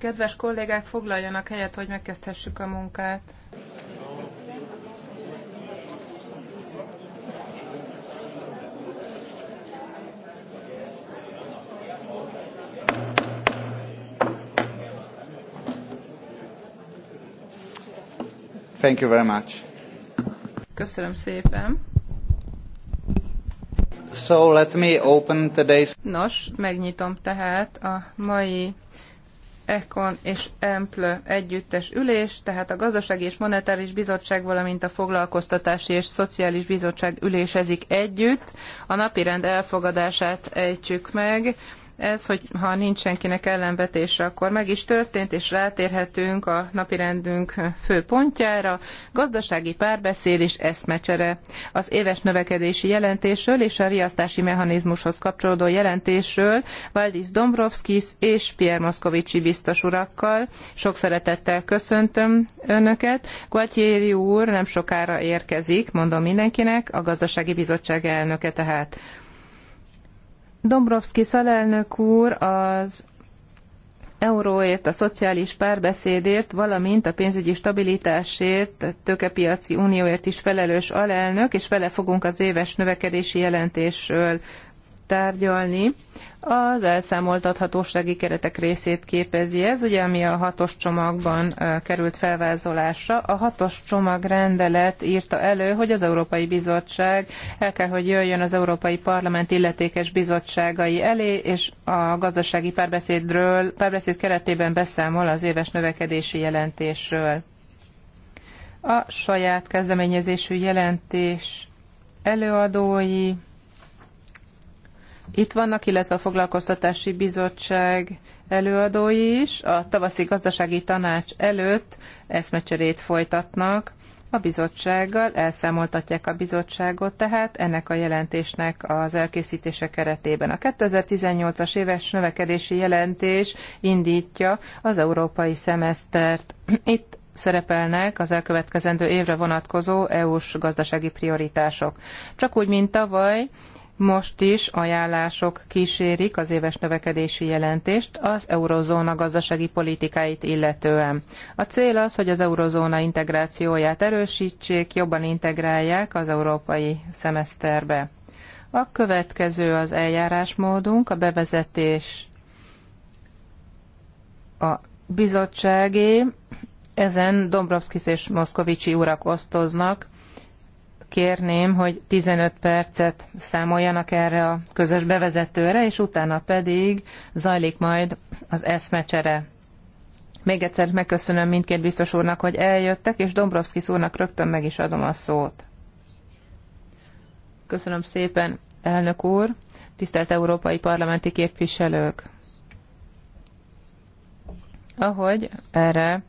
Kedves kollégák, foglaljanak helyet, hogy megkezdhessük a munkát. Thank you very much. Köszönöm szépen. So let me open today's... Nos, megnyitom tehát a mai Econ és Emple együttes ülés, tehát a Gazdasági és Monetáris Bizottság, valamint a Foglalkoztatási és Szociális Bizottság ülésezik együtt. A napirend elfogadását ejtsük meg ez, hogy ha nincs senkinek ellenvetése, akkor meg is történt, és rátérhetünk a napirendünk fő pontjára, gazdasági párbeszéd és eszmecsere. Az éves növekedési jelentésről és a riasztási mechanizmushoz kapcsolódó jelentésről Valdis Dombrovskis és Pierre Moszkovicsi biztos urakkal. Sok szeretettel köszöntöm Önöket. Gualtieri úr nem sokára érkezik, mondom mindenkinek, a gazdasági bizottság elnöke tehát. Dombrovski szalelnök úr az euróért, a szociális párbeszédért, valamint a pénzügyi stabilitásért, a tőkepiaci unióért is felelős alelnök, és vele fogunk az éves növekedési jelentésről tárgyalni. Az elszámoltathatósági keretek részét képezi ez, ugye, ami a hatos csomagban került felvázolásra. A hatos csomag rendelet írta elő, hogy az Európai Bizottság el kell, hogy jöjjön az Európai Parlament illetékes bizottságai elé, és a gazdasági párbeszédről, párbeszéd keretében beszámol az éves növekedési jelentésről. A saját kezdeményezésű jelentés előadói itt vannak, illetve a Foglalkoztatási Bizottság előadói is. A tavaszi gazdasági tanács előtt eszmecserét folytatnak a bizottsággal, elszámoltatják a bizottságot, tehát ennek a jelentésnek az elkészítése keretében. A 2018-as éves növekedési jelentés indítja az európai szemesztert. Itt szerepelnek az elkövetkezendő évre vonatkozó EU-s gazdasági prioritások. Csak úgy, mint tavaly, most is ajánlások kísérik az éves növekedési jelentést az eurozóna gazdasági politikáit illetően. A cél az, hogy az eurozóna integrációját erősítsék, jobban integrálják az európai szemeszterbe. A következő az eljárásmódunk, a bevezetés a bizottságé, ezen Dombrovskis és Moszkovicsi urak osztoznak, kérném, hogy 15 percet számoljanak erre a közös bevezetőre, és utána pedig zajlik majd az eszmecsere. Még egyszer megköszönöm mindkét biztos úrnak, hogy eljöttek, és Dombrovskis úrnak rögtön meg is adom a szót. Köszönöm szépen, elnök úr, tisztelt európai parlamenti képviselők! Ahogy erre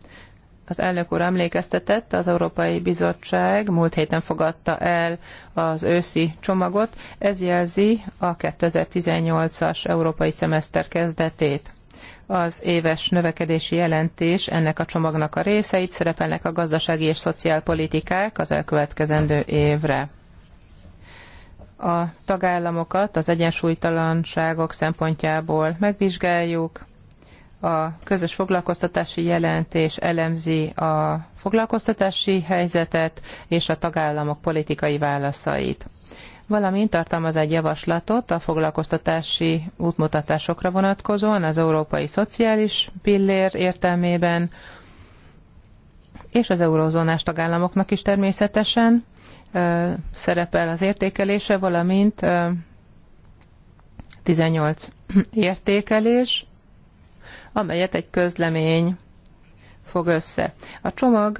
az elnök úr emlékeztetett, az Európai Bizottság múlt héten fogadta el az őszi csomagot. Ez jelzi a 2018-as európai szemeszter kezdetét. Az éves növekedési jelentés ennek a csomagnak a részeit szerepelnek a gazdasági és szociálpolitikák az elkövetkezendő évre a tagállamokat az egyensúlytalanságok szempontjából megvizsgáljuk, a közös foglalkoztatási jelentés elemzi a foglalkoztatási helyzetet és a tagállamok politikai válaszait valamint tartalmaz egy javaslatot a foglalkoztatási útmutatásokra vonatkozóan az európai szociális pillér értelmében, és az eurózónás tagállamoknak is természetesen ö, szerepel az értékelése, valamint ö, 18 értékelés, amelyet egy közlemény fog össze. A csomag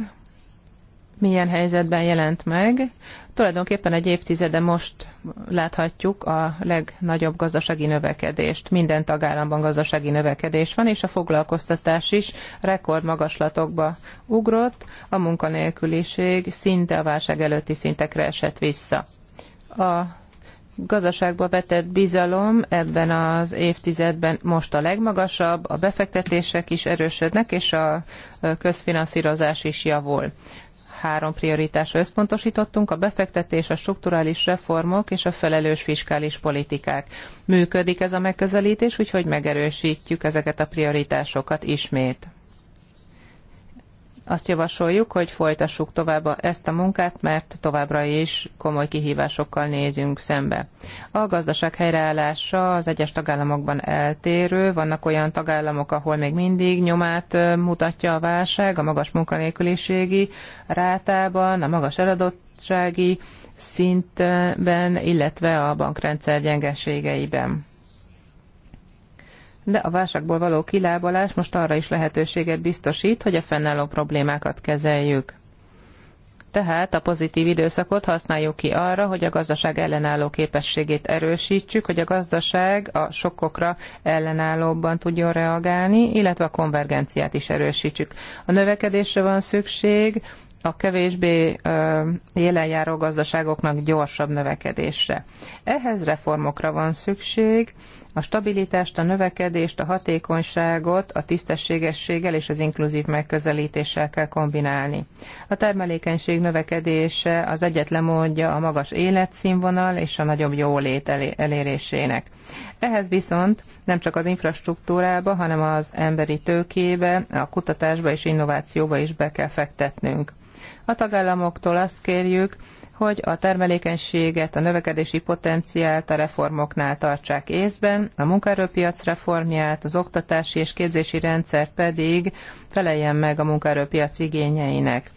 milyen helyzetben jelent meg. Tulajdonképpen egy évtizede most láthatjuk a legnagyobb gazdasági növekedést. Minden tagállamban gazdasági növekedés van, és a foglalkoztatás is rekord magaslatokba ugrott, a munkanélküliség szinte a válság előtti szintekre esett vissza. A gazdaságba vetett bizalom ebben az évtizedben most a legmagasabb, a befektetések is erősödnek, és a közfinanszírozás is javul. Három prioritásra összpontosítottunk, a befektetés, a strukturális reformok és a felelős fiskális politikák. Működik ez a megközelítés, úgyhogy megerősítjük ezeket a prioritásokat ismét azt javasoljuk, hogy folytassuk tovább ezt a munkát, mert továbbra is komoly kihívásokkal nézünk szembe. A gazdaság helyreállása az egyes tagállamokban eltérő, vannak olyan tagállamok, ahol még mindig nyomát mutatja a válság, a magas munkanélküliségi rátában, a magas eladottsági szintben, illetve a bankrendszer gyengeségeiben de a válságból való kilábalás most arra is lehetőséget biztosít, hogy a fennálló problémákat kezeljük. Tehát a pozitív időszakot használjuk ki arra, hogy a gazdaság ellenálló képességét erősítsük, hogy a gazdaság a sokkokra ellenállóbban tudjon reagálni, illetve a konvergenciát is erősítsük. A növekedésre van szükség, a kevésbé élenjáró gazdaságoknak gyorsabb növekedésre. Ehhez reformokra van szükség, a stabilitást, a növekedést, a hatékonyságot a tisztességességgel és az inkluzív megközelítéssel kell kombinálni. A termelékenység növekedése az egyetlen módja a magas életszínvonal és a nagyobb jólét elérésének. Ehhez viszont nem csak az infrastruktúrába, hanem az emberi tőkébe, a kutatásba és innovációba is be kell fektetnünk. A tagállamoktól azt kérjük, hogy a termelékenységet, a növekedési potenciált a reformoknál tartsák észben, a munkaerőpiac reformját, az oktatási és képzési rendszer pedig feleljen meg a munkaerőpiac igényeinek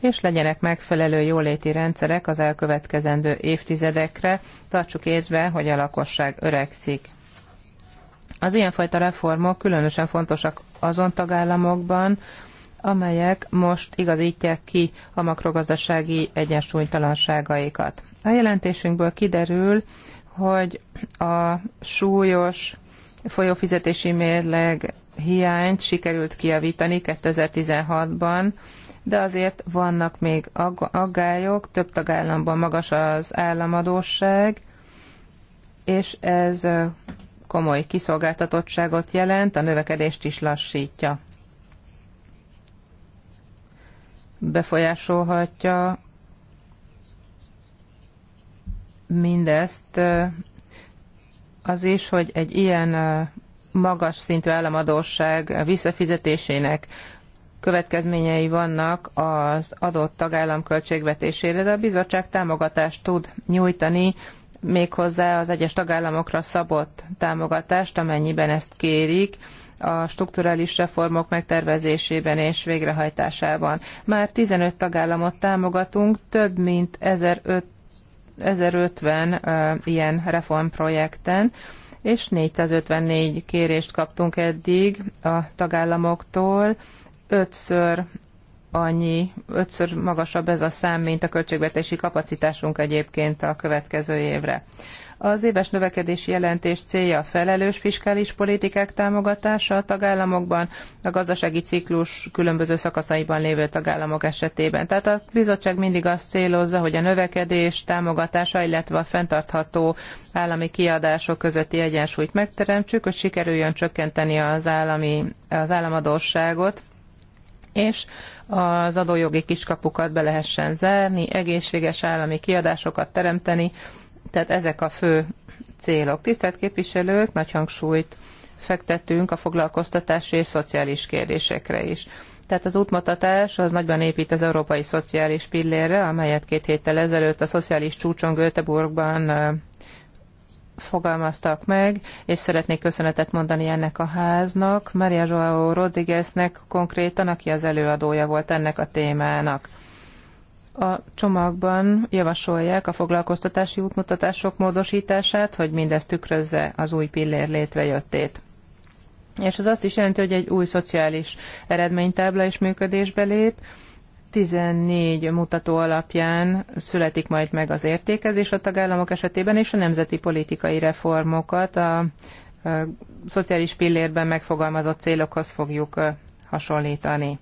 és legyenek megfelelő jóléti rendszerek az elkövetkezendő évtizedekre, tartsuk észbe, hogy a lakosság öregszik. Az ilyenfajta reformok különösen fontosak azon tagállamokban, amelyek most igazítják ki a makrogazdasági egyensúlytalanságaikat. A jelentésünkből kiderül, hogy a súlyos folyófizetési mérleg hiányt sikerült kiavítani 2016-ban, de azért vannak még aggályok, több tagállamban magas az államadóság, és ez komoly kiszolgáltatottságot jelent, a növekedést is lassítja befolyásolhatja mindezt az is, hogy egy ilyen magas szintű államadóság visszafizetésének következményei vannak az adott tagállam költségvetésére, de a bizottság támogatást tud nyújtani méghozzá az egyes tagállamokra szabott támogatást, amennyiben ezt kérik, a strukturális reformok megtervezésében és végrehajtásában. Már 15 tagállamot támogatunk, több mint 1050 ilyen reformprojekten, és 454 kérést kaptunk eddig a tagállamoktól, ötször annyi, ötször magasabb ez a szám, mint a költségvetési kapacitásunk egyébként a következő évre. Az éves növekedési jelentés célja a felelős fiskális politikák támogatása a tagállamokban, a gazdasági ciklus különböző szakaszaiban lévő tagállamok esetében. Tehát a bizottság mindig azt célozza, hogy a növekedés támogatása, illetve a fenntartható állami kiadások közötti egyensúlyt megteremtsük, hogy sikerüljön csökkenteni az, állami, az államadóságot. és az adójogi kiskapukat be lehessen zárni, egészséges állami kiadásokat teremteni, tehát ezek a fő célok. Tisztelt képviselők, nagy hangsúlyt fektetünk a foglalkoztatási és szociális kérdésekre is. Tehát az útmutatás az nagyban épít az európai szociális pillérre, amelyet két héttel ezelőtt a szociális csúcson Göteborgban fogalmaztak meg, és szeretnék köszönetet mondani ennek a háznak, Maria Joao Rodrigueznek konkrétan, aki az előadója volt ennek a témának. A csomagban javasolják a foglalkoztatási útmutatások módosítását, hogy mindez tükrözze az új pillér létrejöttét. És ez azt is jelenti, hogy egy új szociális eredménytábla is működésbe lép, 14 mutató alapján születik majd meg az értékezés a tagállamok esetében, és a nemzeti politikai reformokat a szociális pillérben megfogalmazott célokhoz fogjuk hasonlítani.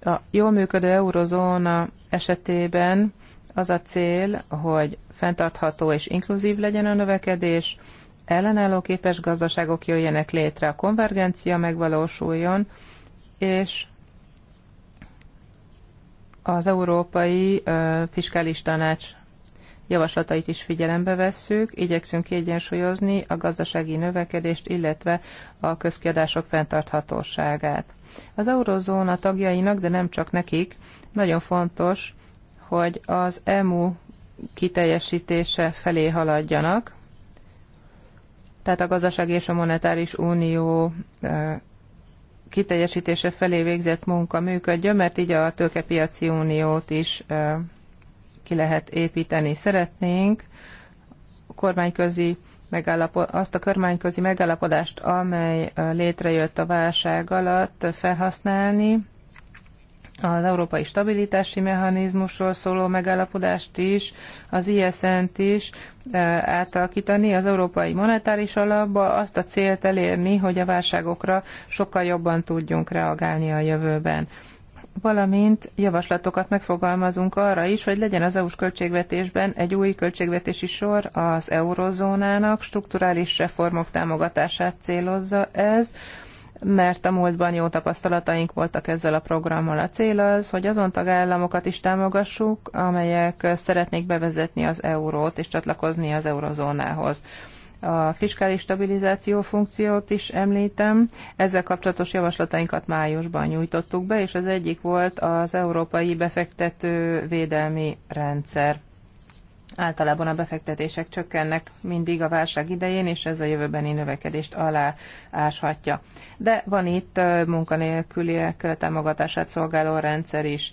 A jól működő eurozóna esetében az a cél, hogy fenntartható és inkluzív legyen a növekedés, ellenálló képes gazdaságok jöjjenek létre, a konvergencia megvalósuljon, és az Európai Fiskális Tanács javaslatait is figyelembe vesszük, igyekszünk kiegyensúlyozni a gazdasági növekedést, illetve a közkiadások fenntarthatóságát. Az eurozóna tagjainak, de nem csak nekik, nagyon fontos, hogy az EMU kiteljesítése felé haladjanak, tehát a gazdasági és a monetáris unió kiteljesítése felé végzett munka működjön, mert így a tőkepiaci uniót is ki lehet építeni. Szeretnénk kormányközi azt a kormányközi megállapodást, amely létrejött a válság alatt felhasználni, az európai stabilitási mechanizmusról szóló megállapodást is, az ISN-t is eh, átalakítani az európai monetáris alapba, azt a célt elérni, hogy a válságokra sokkal jobban tudjunk reagálni a jövőben valamint javaslatokat megfogalmazunk arra is, hogy legyen az EU-s költségvetésben egy új költségvetési sor az eurozónának, strukturális reformok támogatását célozza ez, mert a múltban jó tapasztalataink voltak ezzel a programmal. A cél az, hogy azon tagállamokat is támogassuk, amelyek szeretnék bevezetni az eurót és csatlakozni az eurozónához. A fiskális stabilizáció funkciót is említem. Ezzel kapcsolatos javaslatainkat májusban nyújtottuk be, és az egyik volt az Európai Befektető Védelmi Rendszer. Általában a befektetések csökkennek mindig a válság idején, és ez a jövőbeni növekedést alá áshatja. De van itt munkanélküliek támogatását szolgáló rendszer is.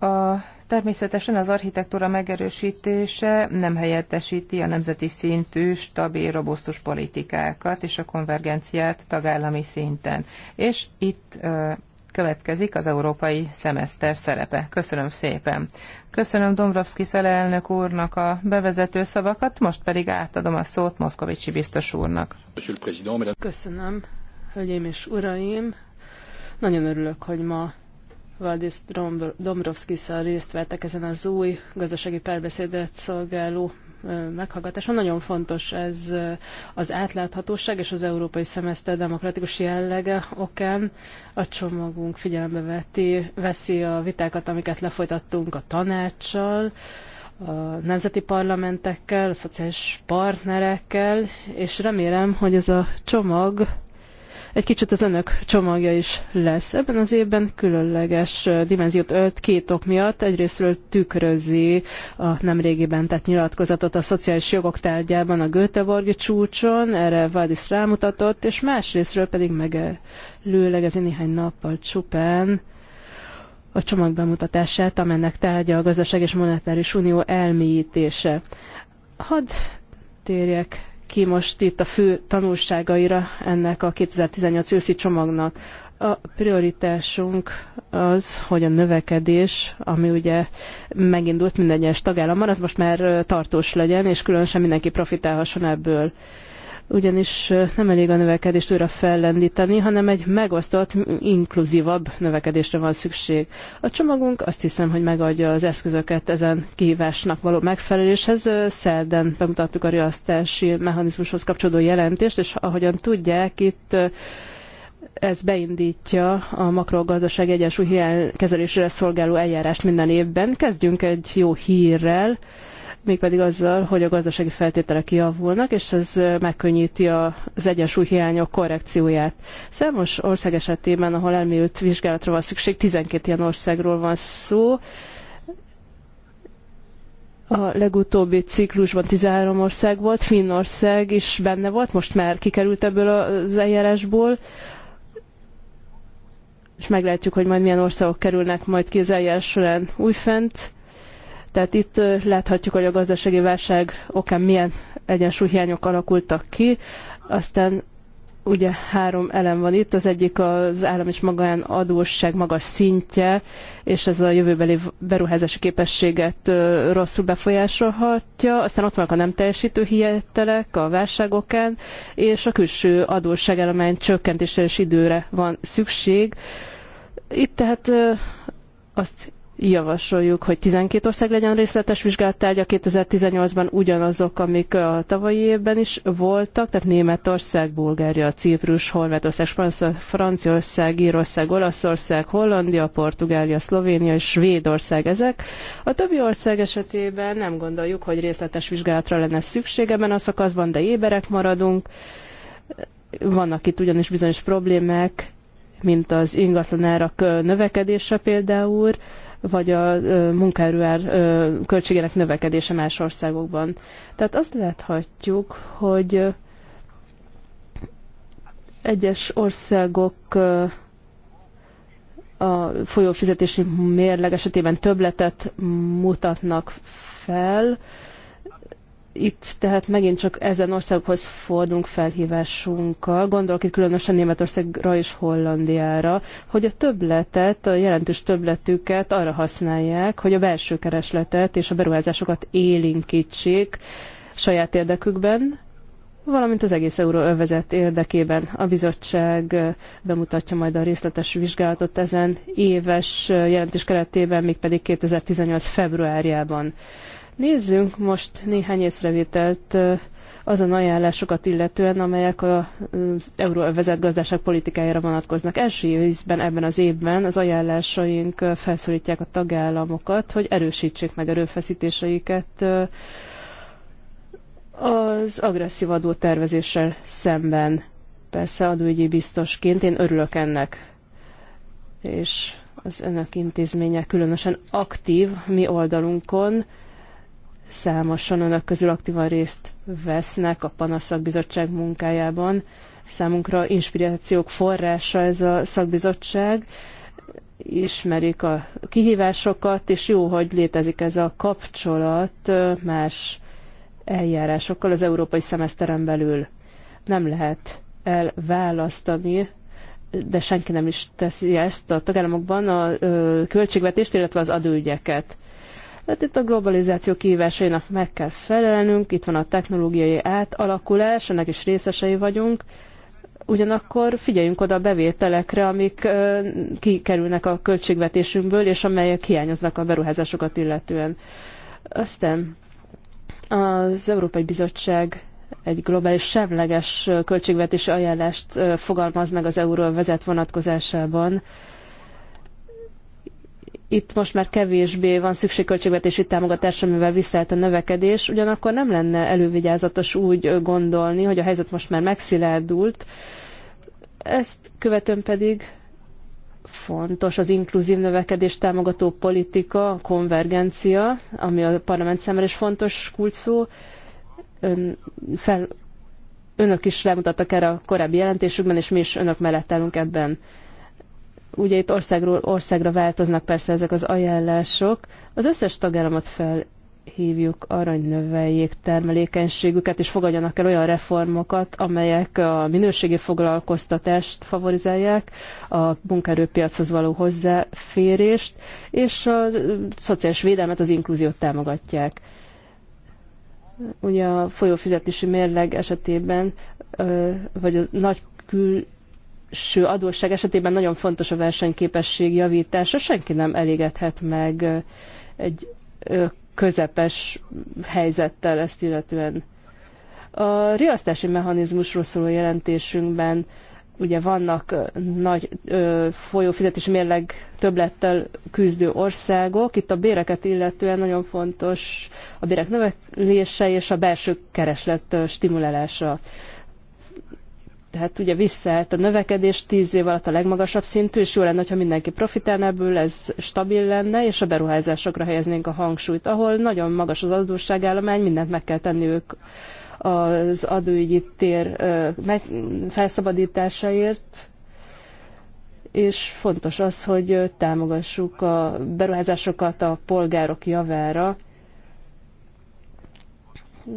A Természetesen az architektúra megerősítése nem helyettesíti a nemzeti szintű, stabil, robusztus politikákat és a konvergenciát tagállami szinten. És itt Következik az európai szemeszter szerepe. Köszönöm szépen. Köszönöm Dombrovski elnök úrnak a bevezető szavakat, most pedig átadom a szót Moszkovicsi biztos úrnak. Köszönöm, hölgyeim és uraim. Nagyon örülök, hogy ma Valdis Dombrovskis-szal részt vettek ezen az új gazdasági párbeszédet szolgáló meghallgatása. Nagyon fontos ez az átláthatóság és az európai szemeszter demokratikus jellege okán. A csomagunk figyelembe veti, veszi a vitákat, amiket lefolytattunk a tanácssal, a nemzeti parlamentekkel, a szociális partnerekkel, és remélem, hogy ez a csomag egy kicsit az önök csomagja is lesz. Ebben az évben különleges dimenziót ölt két ok miatt. Egyrésztről tükrözi a nemrégiben tett nyilatkozatot a szociális jogok tárgyában a Göteborgi csúcson, erre Vádis rámutatott, és másrésztről pedig megelőlegezi néhány nappal csupán a csomag bemutatását, amennek tárgya a gazdaság és monetáris unió elmélyítése. Hadd térjek ki most itt a fő tanulságaira ennek a 2018 őszi csomagnak. A prioritásunk az, hogy a növekedés, ami ugye megindult minden egyes tagállamban, az most már tartós legyen, és különösen mindenki profitálhasson ebből ugyanis nem elég a növekedést újra fellendíteni, hanem egy megosztott, inkluzívabb növekedésre van szükség. A csomagunk azt hiszem, hogy megadja az eszközöket ezen kihívásnak való megfeleléshez. Szerden bemutattuk a riasztási mechanizmushoz kapcsolódó jelentést, és ahogyan tudják, itt ez beindítja a makrogazdaság egyensúly hiány kezelésére szolgáló eljárást minden évben. Kezdjünk egy jó hírrel mégpedig azzal, hogy a gazdasági feltételek javulnak, és ez megkönnyíti az egyensúlyhiányok korrekcióját. Számos ország esetében, ahol elmélyült vizsgálatra van szükség, 12 ilyen országról van szó, a legutóbbi ciklusban 13 ország volt, Finnország is benne volt, most már kikerült ebből az eljárásból, és meglátjuk, hogy majd milyen országok kerülnek majd ki az eljárás során újfent. Tehát itt láthatjuk, hogy a gazdasági válság okán milyen egyensúlyhiányok alakultak ki, aztán ugye három elem van itt, az egyik az állam és magán adósság magas szintje, és ez a jövőbeli beruházási képességet rosszul befolyásolhatja, aztán ott vannak a nem teljesítő hihetelek a válságokán, és a külső adósságállomány csökkentésre és időre van szükség. Itt tehát azt javasoljuk, hogy 12 ország legyen részletes vizsgálattárgya 2018-ban ugyanazok, amik a tavalyi évben is voltak, tehát Németország, Bulgária, Ciprus, Horvátország, Franciaország, Írország, Olaszország, Hollandia, Portugália, Szlovénia és Svédország ezek. A többi ország esetében nem gondoljuk, hogy részletes vizsgálatra lenne szükség ebben a szakaszban, de éberek maradunk. Vannak itt ugyanis bizonyos problémák, mint az ingatlanárak növekedése például, vagy a munkaerőár költségének növekedése más országokban. Tehát azt láthatjuk, hogy egyes országok a folyófizetési mérleg esetében többletet mutatnak fel, itt tehát megint csak ezen országhoz fordulunk felhívásunkkal, gondolok itt különösen Németországra és Hollandiára, hogy a többletet, a jelentős többletüket arra használják, hogy a belső keresletet és a beruházásokat élinkítsék saját érdekükben, valamint az egész euróövezet érdekében. A bizottság bemutatja majd a részletes vizsgálatot ezen éves jelentés keretében, mégpedig 2018. februárjában. Nézzünk most néhány észrevételt azon ajánlásokat illetően, amelyek az euróvezet politikájára vonatkoznak. Első ízben ebben az évben az ajánlásaink felszólítják a tagállamokat, hogy erősítsék meg erőfeszítéseiket az agresszív adó tervezéssel szemben. Persze adóügyi biztosként én örülök ennek. És az önök intézménye különösen aktív mi oldalunkon, Számosan önök közül aktívan részt vesznek a Bizottság munkájában. Számunkra inspirációk forrása ez a szakbizottság. Ismerik a kihívásokat, és jó, hogy létezik ez a kapcsolat más eljárásokkal az európai szemeszteren belül. Nem lehet elválasztani de senki nem is teszi ezt a tagállamokban, a ö, költségvetést, illetve az adóügyeket. Tehát itt a globalizáció kihívásainak meg kell felelnünk, itt van a technológiai átalakulás, ennek is részesei vagyunk, ugyanakkor figyeljünk oda a bevételekre, amik kikerülnek a költségvetésünkből, és amelyek hiányoznak a beruházásokat illetően. Aztán az Európai Bizottság egy globális semleges költségvetési ajánlást fogalmaz meg az vezet vonatkozásában itt most már kevésbé van szükség költségvetési támogatásra, mivel visszaállt a növekedés, ugyanakkor nem lenne elővigyázatos úgy gondolni, hogy a helyzet most már megszilárdult. Ezt követően pedig fontos az inkluzív növekedés támogató politika, a konvergencia, ami a parlament számára is fontos kulcsszó. Ön, fel, önök is lemutattak erre a korábbi jelentésükben, és mi is önök mellett állunk ebben. Ugye itt országról országra változnak persze ezek az ajánlások. Az összes tagállamot felhívjuk arra, hogy növeljék termelékenységüket, és fogadjanak el olyan reformokat, amelyek a minőségi foglalkoztatást favorizálják, a munkaerőpiachoz való hozzáférést, és a szociális védelmet, az inkluziót támogatják ugye a folyófizetési mérleg esetében, vagy a nagy kül belső adósság esetében nagyon fontos a versenyképesség javítása. Senki nem elégedhet meg egy közepes helyzettel ezt illetően. A riasztási mechanizmusról szóló jelentésünkben ugye vannak nagy ö, folyófizetés mérleg többlettel küzdő országok. Itt a béreket illetően nagyon fontos a bérek növelése és a belső kereslet stimulálása. Tehát ugye visszaállt a növekedés, tíz év alatt a legmagasabb szintű, és jó lenne, ha mindenki profitálna ebből, ez stabil lenne, és a beruházásokra helyeznénk a hangsúlyt, ahol nagyon magas az adósságállomány, mindent meg kell tenniük az adóügyi tér felszabadításáért, és fontos az, hogy támogassuk a beruházásokat a polgárok javára.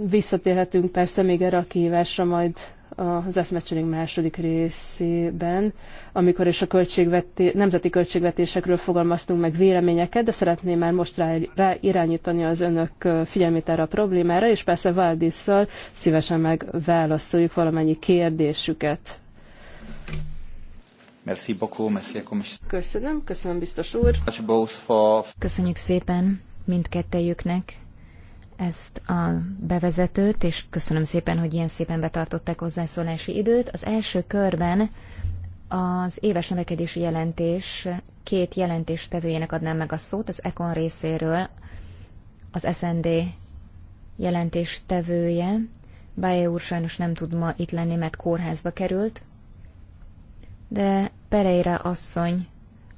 Visszatérhetünk persze még erre a kihívásra majd az eszmecsering második részében, amikor is a költségveté- nemzeti költségvetésekről fogalmaztunk meg véleményeket, de szeretném már most rá, rá irányítani az önök figyelmét erre a problémára, és persze Valdisszal szívesen megválaszoljuk valamennyi kérdésüket. Merci beaucoup, merci Köszönöm, köszönöm biztos úr. Köszönjük szépen mindkettejüknek ezt a bevezetőt, és köszönöm szépen, hogy ilyen szépen betartották hozzászólási időt. Az első körben az éves növekedési jelentés két jelentéstevőjének adnám meg a szót, az ECON részéről az SND jelentéstevője. Báje úr sajnos nem tud ma itt lenni, mert kórházba került, de Pereira asszony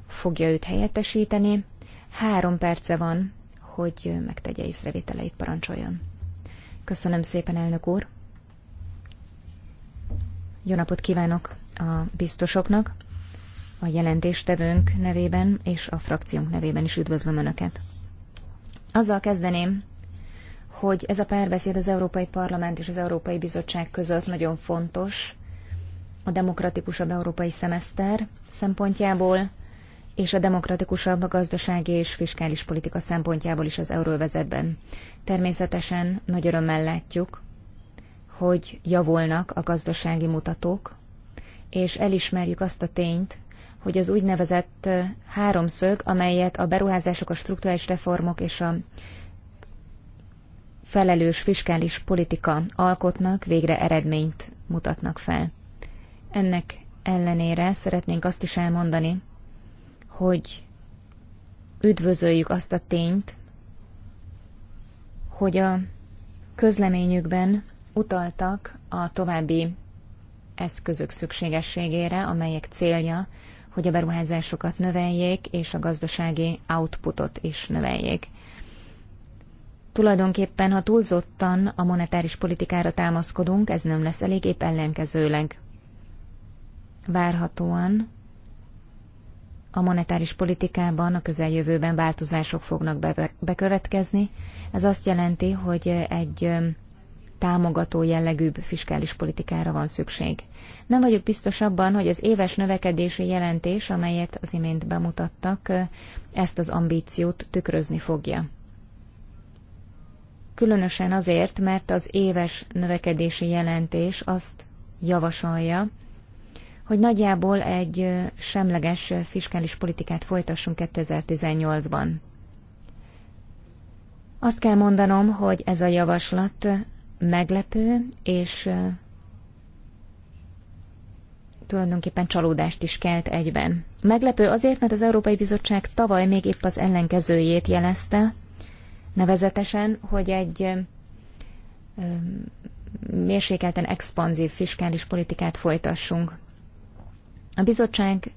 fogja őt helyettesíteni. Három perce van hogy megtegye észrevételeit, parancsoljon. Köszönöm szépen, elnök úr! Jó napot kívánok a biztosoknak, a jelentéstevőnk nevében és a frakciónk nevében is üdvözlöm Önöket. Azzal kezdeném, hogy ez a párbeszéd az Európai Parlament és az Európai Bizottság között nagyon fontos a demokratikusabb európai szemeszter szempontjából, és a demokratikusabb a gazdasági és fiskális politika szempontjából is az euróvezetben. Természetesen nagy örömmel látjuk, hogy javulnak a gazdasági mutatók, és elismerjük azt a tényt, hogy az úgynevezett háromszög, amelyet a beruházások, a struktúrális reformok és a felelős fiskális politika alkotnak, végre eredményt mutatnak fel. Ennek ellenére szeretnénk azt is elmondani, hogy üdvözöljük azt a tényt, hogy a közleményükben utaltak a további eszközök szükségességére, amelyek célja, hogy a beruházásokat növeljék, és a gazdasági outputot is növeljék. Tulajdonképpen, ha túlzottan a monetáris politikára támaszkodunk, ez nem lesz elég, épp ellenkezőleg. Várhatóan a monetáris politikában a közeljövőben változások fognak bekövetkezni. Ez azt jelenti, hogy egy támogató jellegűbb fiskális politikára van szükség. Nem vagyok biztos abban, hogy az éves növekedési jelentés, amelyet az imént bemutattak, ezt az ambíciót tükrözni fogja. Különösen azért, mert az éves növekedési jelentés azt javasolja, hogy nagyjából egy semleges fiskális politikát folytassunk 2018-ban. Azt kell mondanom, hogy ez a javaslat meglepő, és tulajdonképpen csalódást is kelt egyben. Meglepő azért, mert az Európai Bizottság tavaly még épp az ellenkezőjét jelezte, nevezetesen, hogy egy mérsékelten expanzív fiskális politikát folytassunk. A bizottság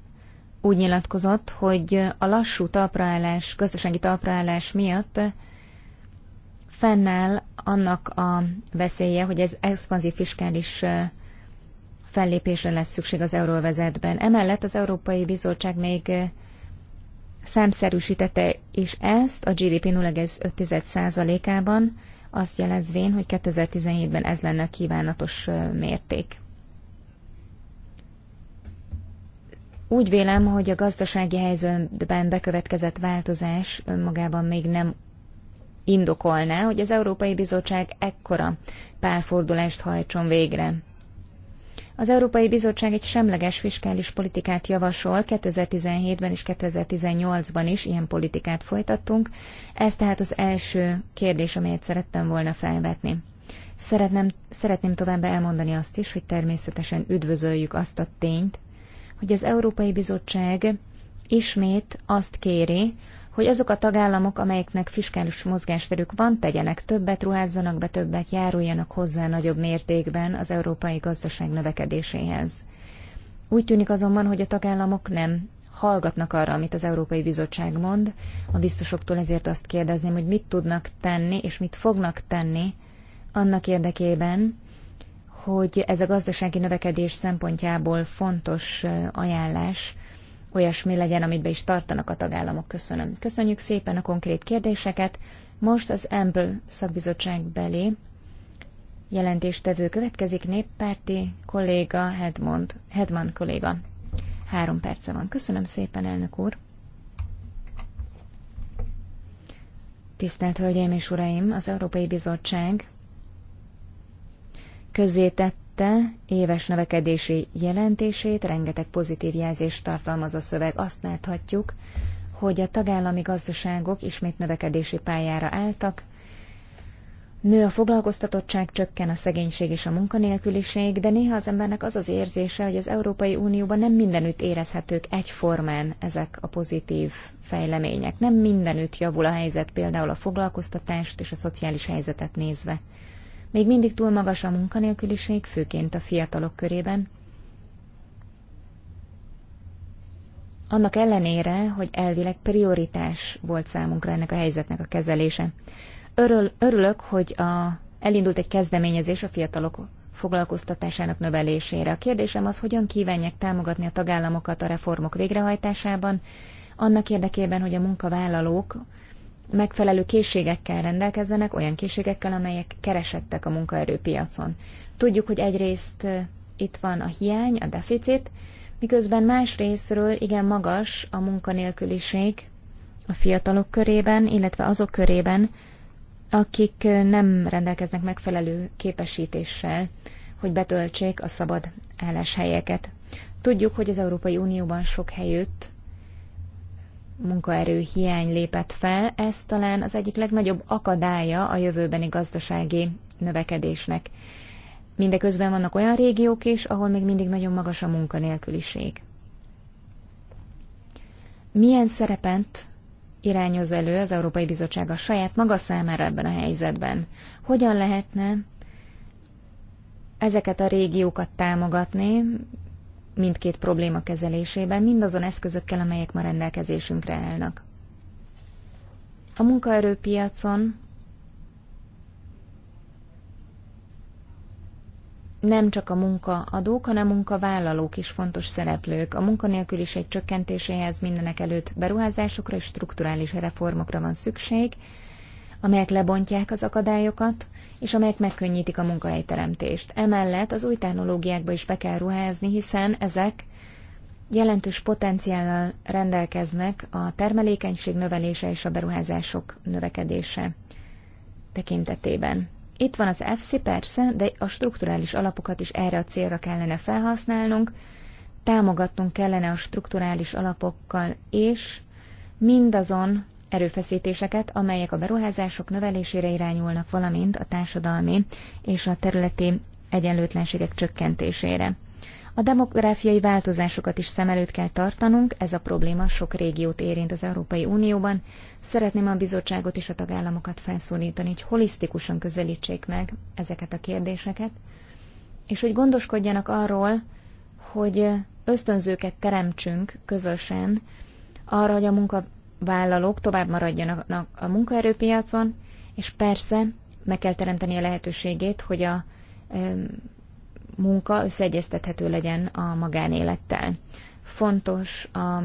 úgy nyilatkozott, hogy a lassú talpraállás, gazdasági talpraállás miatt fennáll annak a veszélye, hogy ez expanzív fiskális fellépésre lesz szükség az euróvezetben. Emellett az Európai Bizottság még számszerűsítette is ezt a GDP 0,5%-ában, azt jelezvén, hogy 2017-ben ez lenne a kívánatos mérték. Úgy vélem, hogy a gazdasági helyzetben bekövetkezett változás önmagában még nem indokolná, hogy az Európai Bizottság ekkora párfordulást hajtson végre. Az Európai Bizottság egy semleges fiskális politikát javasol, 2017-ben és 2018-ban is ilyen politikát folytattunk. Ez tehát az első kérdés, amelyet szerettem volna felvetni. Szeretném, szeretném továbbá elmondani azt is, hogy természetesen üdvözöljük azt a tényt, hogy az Európai Bizottság ismét azt kéri, hogy azok a tagállamok, amelyeknek fiskális mozgásterük van, tegyenek többet, ruházzanak be többet, járuljanak hozzá nagyobb mértékben az európai gazdaság növekedéséhez. Úgy tűnik azonban, hogy a tagállamok nem hallgatnak arra, amit az Európai Bizottság mond. A biztosoktól ezért azt kérdezném, hogy mit tudnak tenni és mit fognak tenni annak érdekében, hogy ez a gazdasági növekedés szempontjából fontos ajánlás olyasmi legyen, amit be is tartanak a tagállamok. Köszönöm. Köszönjük szépen a konkrét kérdéseket. Most az Ample szakbizottság belé jelentéstevő következik néppárti kolléga Hedmond, Hedman kolléga. Három perce van. Köszönöm szépen, elnök úr. Tisztelt Hölgyeim és Uraim, az Európai Bizottság közzétette éves növekedési jelentését, rengeteg pozitív jelzést tartalmaz a szöveg. Azt láthatjuk, hogy a tagállami gazdaságok ismét növekedési pályára álltak, Nő a foglalkoztatottság, csökken a szegénység és a munkanélküliség, de néha az embernek az az érzése, hogy az Európai Unióban nem mindenütt érezhetők egyformán ezek a pozitív fejlemények. Nem mindenütt javul a helyzet például a foglalkoztatást és a szociális helyzetet nézve. Még mindig túl magas a munkanélküliség, főként a fiatalok körében. Annak ellenére, hogy elvileg prioritás volt számunkra ennek a helyzetnek a kezelése. Örül, örülök, hogy a, elindult egy kezdeményezés a fiatalok foglalkoztatásának növelésére. A kérdésem az, hogyan kívánják támogatni a tagállamokat a reformok végrehajtásában, annak érdekében, hogy a munkavállalók megfelelő készségekkel rendelkezzenek, olyan készségekkel, amelyek keresettek a munkaerőpiacon. Tudjuk, hogy egyrészt itt van a hiány, a deficit, miközben más részről igen magas a munkanélküliség a fiatalok körében, illetve azok körében, akik nem rendelkeznek megfelelő képesítéssel, hogy betöltsék a szabad álláshelyeket. Tudjuk, hogy az Európai Unióban sok helyütt munkaerő hiány lépett fel, ez talán az egyik legnagyobb akadálya a jövőbeni gazdasági növekedésnek. Mindeközben vannak olyan régiók is, ahol még mindig nagyon magas a munkanélküliség. Milyen szerepet irányoz elő az Európai Bizottság a saját maga számára ebben a helyzetben? Hogyan lehetne ezeket a régiókat támogatni, mindkét probléma kezelésében, mindazon eszközökkel, amelyek ma rendelkezésünkre állnak. A munkaerőpiacon nem csak a munkaadók, hanem a munkavállalók is fontos szereplők. A munkanélküliség csökkentéséhez mindenek előtt beruházásokra és strukturális reformokra van szükség, amelyek lebontják az akadályokat, és amelyek megkönnyítik a munkahelyteremtést. Emellett az új technológiákba is be kell ruházni, hiszen ezek jelentős potenciállal rendelkeznek a termelékenység növelése és a beruházások növekedése tekintetében. Itt van az EFSI persze, de a strukturális alapokat is erre a célra kellene felhasználnunk, támogatnunk kellene a strukturális alapokkal és mindazon erőfeszítéseket, amelyek a beruházások növelésére irányulnak, valamint a társadalmi és a területi egyenlőtlenségek csökkentésére. A demográfiai változásokat is szem előtt kell tartanunk, ez a probléma sok régiót érint az Európai Unióban. Szeretném a bizottságot és a tagállamokat felszólítani, hogy holisztikusan közelítsék meg ezeket a kérdéseket, és hogy gondoskodjanak arról, hogy ösztönzőket teremtsünk közösen arra, hogy a munka vállalók tovább maradjanak a munkaerőpiacon, és persze meg kell teremteni a lehetőségét, hogy a munka összeegyeztethető legyen a magánélettel. Fontos a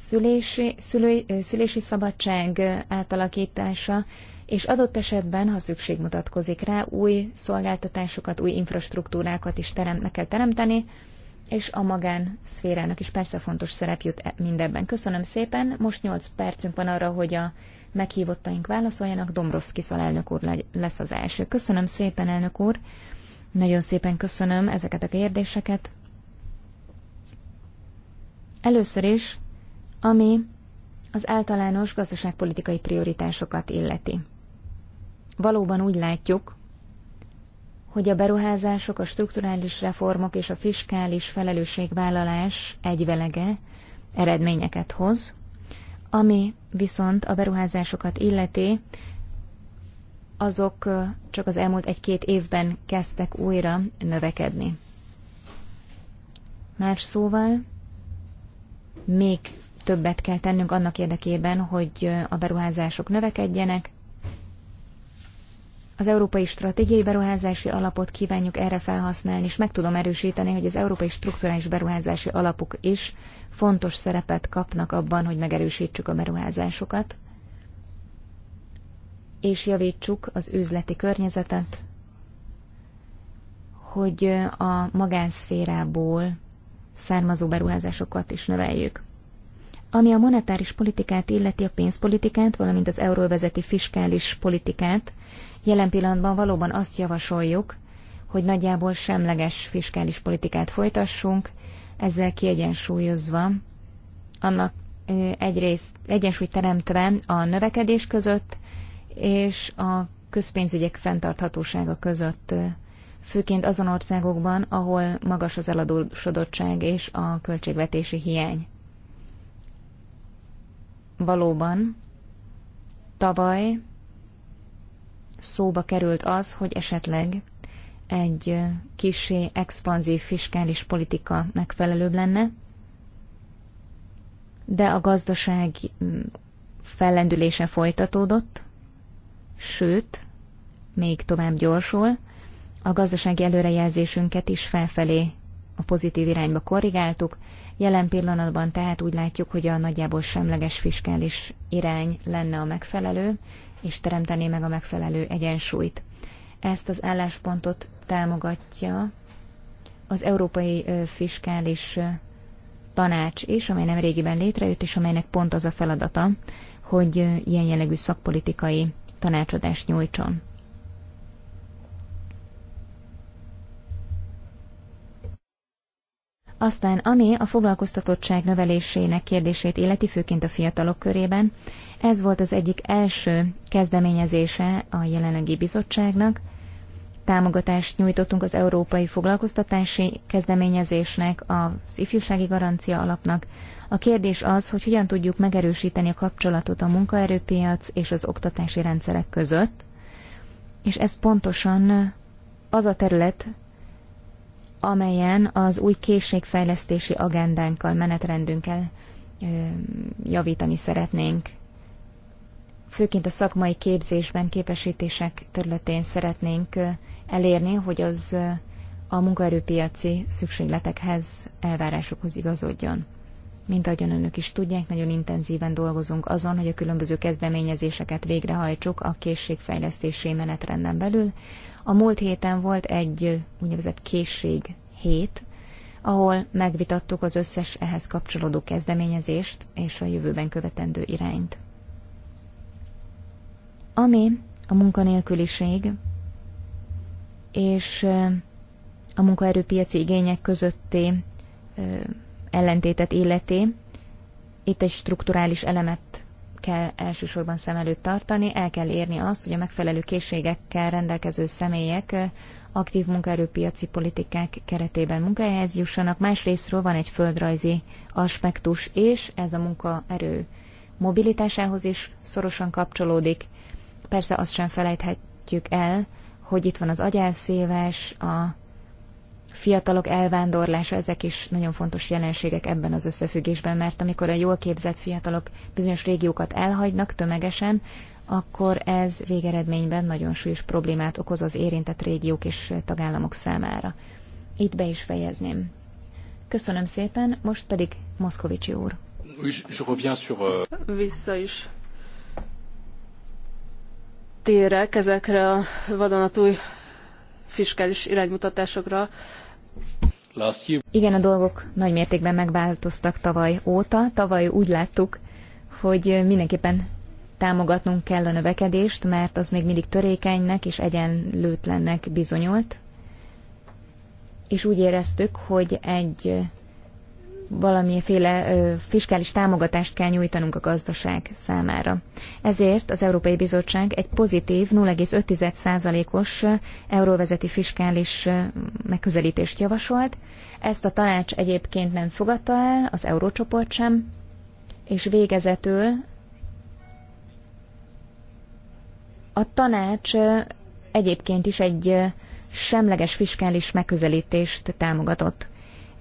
szülési, szülő, szülési szabadság átalakítása, és adott esetben, ha szükség mutatkozik rá, új szolgáltatásokat, új infrastruktúrákat is terem, meg kell teremteni, és a magán szférának is persze fontos szerep jut e- mindebben. Köszönöm szépen, most 8 percünk van arra, hogy a meghívottaink válaszoljanak, szal elnök úr lesz az első. Köszönöm szépen, elnök úr, nagyon szépen köszönöm ezeket a kérdéseket. Először is, ami az általános gazdaságpolitikai prioritásokat illeti. Valóban úgy látjuk, hogy a beruházások, a strukturális reformok és a fiskális felelősségvállalás egyvelege eredményeket hoz, ami viszont a beruházásokat illeti, azok csak az elmúlt egy-két évben kezdtek újra növekedni. Más szóval, még többet kell tennünk annak érdekében, hogy a beruházások növekedjenek, az Európai Stratégiai Beruházási Alapot kívánjuk erre felhasználni, és meg tudom erősíteni, hogy az Európai Strukturális Beruházási Alapok is fontos szerepet kapnak abban, hogy megerősítsük a beruházásokat, és javítsuk az üzleti környezetet, hogy a magánszférából származó beruházásokat is növeljük. Ami a monetáris politikát illeti a pénzpolitikát, valamint az euróvezeti fiskális politikát, Jelen pillanatban valóban azt javasoljuk, hogy nagyjából semleges fiskális politikát folytassunk, ezzel kiegyensúlyozva annak egyrészt egyensúly teremtve a növekedés között és a közpénzügyek fenntarthatósága között, főként azon országokban, ahol magas az eladósodottság és a költségvetési hiány. Valóban, tavaly szóba került az, hogy esetleg egy kisé expanzív fiskális politika megfelelőbb lenne, de a gazdaság mm, fellendülése folytatódott, sőt, még tovább gyorsul, a gazdasági előrejelzésünket is felfelé a pozitív irányba korrigáltuk, jelen pillanatban tehát úgy látjuk, hogy a nagyjából semleges fiskális irány lenne a megfelelő, és teremtené meg a megfelelő egyensúlyt. Ezt az álláspontot támogatja az Európai Fiskális Tanács is, amely nem régiben létrejött, és amelynek pont az a feladata, hogy ilyen jellegű szakpolitikai tanácsadást nyújtson. Aztán, ami a foglalkoztatottság növelésének kérdését életi főként a fiatalok körében, ez volt az egyik első kezdeményezése a jelenlegi bizottságnak. Támogatást nyújtottunk az Európai Foglalkoztatási Kezdeményezésnek, az Ifjúsági Garancia Alapnak. A kérdés az, hogy hogyan tudjuk megerősíteni a kapcsolatot a munkaerőpiac és az oktatási rendszerek között, és ez pontosan az a terület, amelyen az új készségfejlesztési agendánkkal, menetrendünkkel javítani szeretnénk főként a szakmai képzésben, képesítések területén szeretnénk elérni, hogy az a munkaerőpiaci szükségletekhez, elvárásokhoz igazodjon. Mint ahogyan önök is tudják, nagyon intenzíven dolgozunk azon, hogy a különböző kezdeményezéseket végrehajtsuk a készségfejlesztési menetrenden belül. A múlt héten volt egy úgynevezett készség hét, ahol megvitattuk az összes ehhez kapcsolódó kezdeményezést és a jövőben követendő irányt. Ami a munkanélküliség és a munkaerőpiaci igények közötti ellentétet illeti, itt egy strukturális elemet kell elsősorban szem előtt tartani, el kell érni azt, hogy a megfelelő készségekkel rendelkező személyek aktív munkaerőpiaci politikák keretében munkahelyhez jussanak. Másrésztről van egy földrajzi aspektus, és ez a munkaerő mobilitásához is szorosan kapcsolódik persze azt sem felejthetjük el, hogy itt van az agyelszéves, a fiatalok elvándorlása, ezek is nagyon fontos jelenségek ebben az összefüggésben, mert amikor a jól képzett fiatalok bizonyos régiókat elhagynak tömegesen, akkor ez végeredményben nagyon súlyos problémát okoz az érintett régiók és tagállamok számára. Itt be is fejezném. Köszönöm szépen, most pedig Moszkovicsi úr. Euh, Vissza is térek ezekre a vadonatúj fiskális iránymutatásokra. Igen, a dolgok nagy mértékben megváltoztak tavaly óta. Tavaly úgy láttuk, hogy mindenképpen támogatnunk kell a növekedést, mert az még mindig törékenynek és egyenlőtlennek bizonyult. És úgy éreztük, hogy egy valamiféle fiskális támogatást kell nyújtanunk a gazdaság számára. Ezért az Európai Bizottság egy pozitív 0,5%-os euróvezeti fiskális megközelítést javasolt. Ezt a tanács egyébként nem fogadta el, az eurócsoport sem, és végezetül a tanács egyébként is egy semleges fiskális megközelítést támogatott.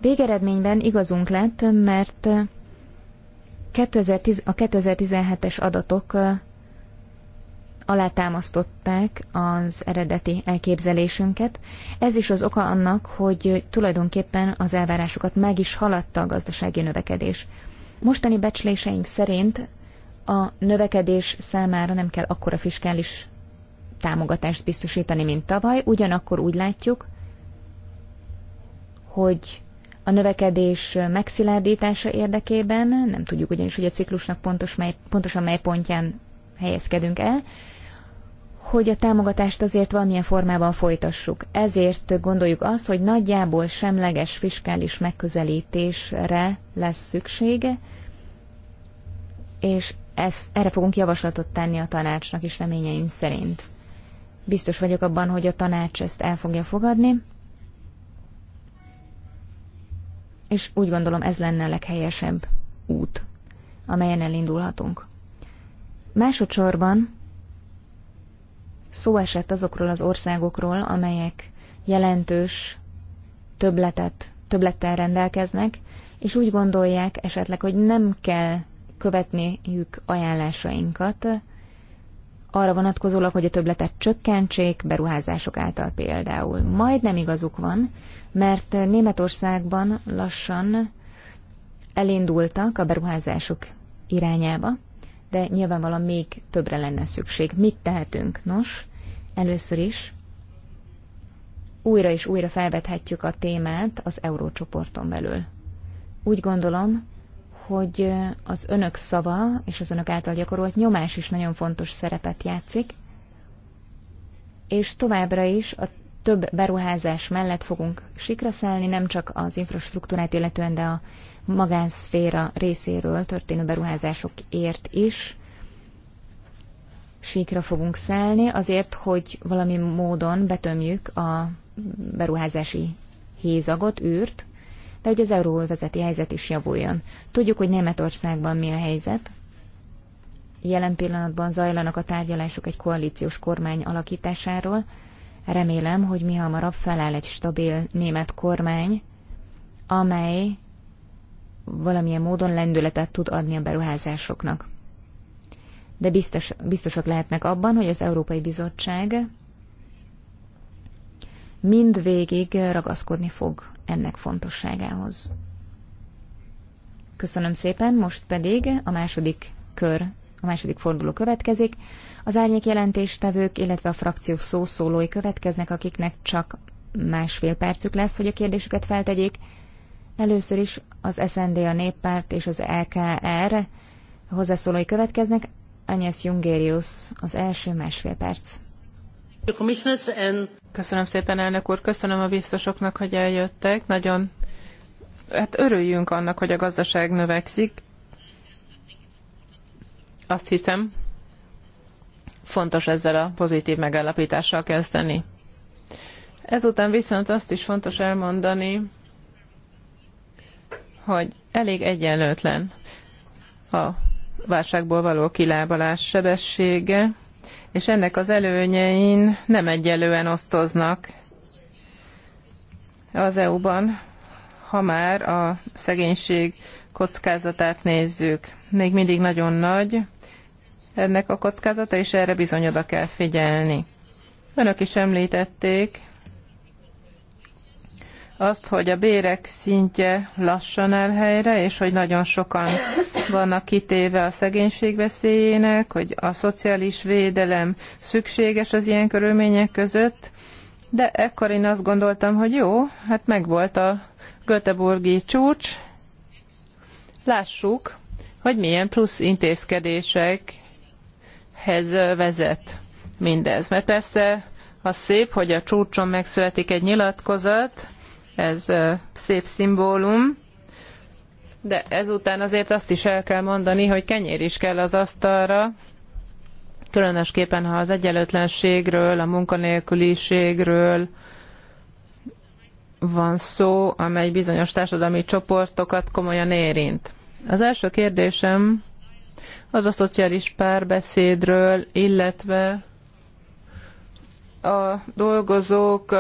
Végeredményben igazunk lett, mert 2010, a 2017-es adatok alátámasztották az eredeti elképzelésünket. Ez is az oka annak, hogy tulajdonképpen az elvárásokat meg is haladta a gazdasági növekedés. Mostani becsléseink szerint a növekedés számára nem kell akkora fiskális támogatást biztosítani, mint tavaly, ugyanakkor úgy látjuk, hogy a növekedés megszilárdítása érdekében, nem tudjuk ugyanis, hogy a ciklusnak pontos mely, pontosan mely pontján helyezkedünk el, hogy a támogatást azért valamilyen formában folytassuk. Ezért gondoljuk azt, hogy nagyjából semleges fiskális megközelítésre lesz szüksége, és ezt, erre fogunk javaslatot tenni a tanácsnak is reményeim szerint. Biztos vagyok abban, hogy a tanács ezt el fogja fogadni, és úgy gondolom ez lenne a leghelyesebb út, amelyen elindulhatunk. Másodszorban szó esett azokról az országokról, amelyek jelentős többletet, többlettel rendelkeznek, és úgy gondolják esetleg, hogy nem kell követniük ajánlásainkat, arra vonatkozólag, hogy a töbletet csökkentsék, beruházások által például. Majd nem igazuk van, mert Németországban lassan elindultak a beruházások irányába, de nyilvánvalóan még többre lenne szükség. Mit tehetünk? Nos, először is újra és újra felvethetjük a témát az eurócsoporton belül. Úgy gondolom, hogy az önök szava és az önök által gyakorolt nyomás is nagyon fontos szerepet játszik, és továbbra is a több beruházás mellett fogunk sikra szállni, nem csak az infrastruktúrát illetően, de a magánszféra részéről történő beruházásokért is síkra fogunk szállni, azért, hogy valami módon betömjük a beruházási hézagot, űrt, de hogy az euróvezeti helyzet is javuljon. Tudjuk, hogy Németországban mi a helyzet. Jelen pillanatban zajlanak a tárgyalások egy koalíciós kormány alakításáról. Remélem, hogy mi hamarabb feláll egy stabil német kormány, amely valamilyen módon lendületet tud adni a beruházásoknak. De biztos, biztosak lehetnek abban, hogy az Európai Bizottság mindvégig ragaszkodni fog ennek fontosságához. Köszönöm szépen, most pedig a második kör, a második forduló következik. Az árnyék jelentéstevők, illetve a frakció szószólói következnek, akiknek csak másfél percük lesz, hogy a kérdésüket feltegyék. Először is az SND, a Néppárt és az LKR hozzászólói következnek. Agnes Jungerius, az első másfél perc. Köszönöm szépen, elnök úr, köszönöm a biztosoknak, hogy eljöttek. Nagyon hát örüljünk annak, hogy a gazdaság növekszik. Azt hiszem, fontos ezzel a pozitív megállapítással kezdeni. Ezután viszont azt is fontos elmondani, hogy elég egyenlőtlen a válságból való kilábalás sebessége és ennek az előnyein nem egyelően osztoznak az EU-ban, ha már a szegénység kockázatát nézzük. Még mindig nagyon nagy ennek a kockázata, és erre bizony oda kell figyelni. Önök is említették, azt, hogy a bérek szintje lassan el helyre, és hogy nagyon sokan vannak kitéve a szegénység veszélyének, hogy a szociális védelem szükséges az ilyen körülmények között, de ekkor én azt gondoltam, hogy jó, hát megvolt a Göteborgi csúcs, lássuk, hogy milyen plusz intézkedésekhez vezet mindez. Mert persze az szép, hogy a csúcson megszületik egy nyilatkozat, ez szép szimbólum, de ezután azért azt is el kell mondani, hogy kenyér is kell az asztalra, különösképpen ha az egyenlőtlenségről, a munkanélküliségről van szó, amely bizonyos társadalmi csoportokat komolyan érint. Az első kérdésem az a szociális párbeszédről, illetve a dolgozók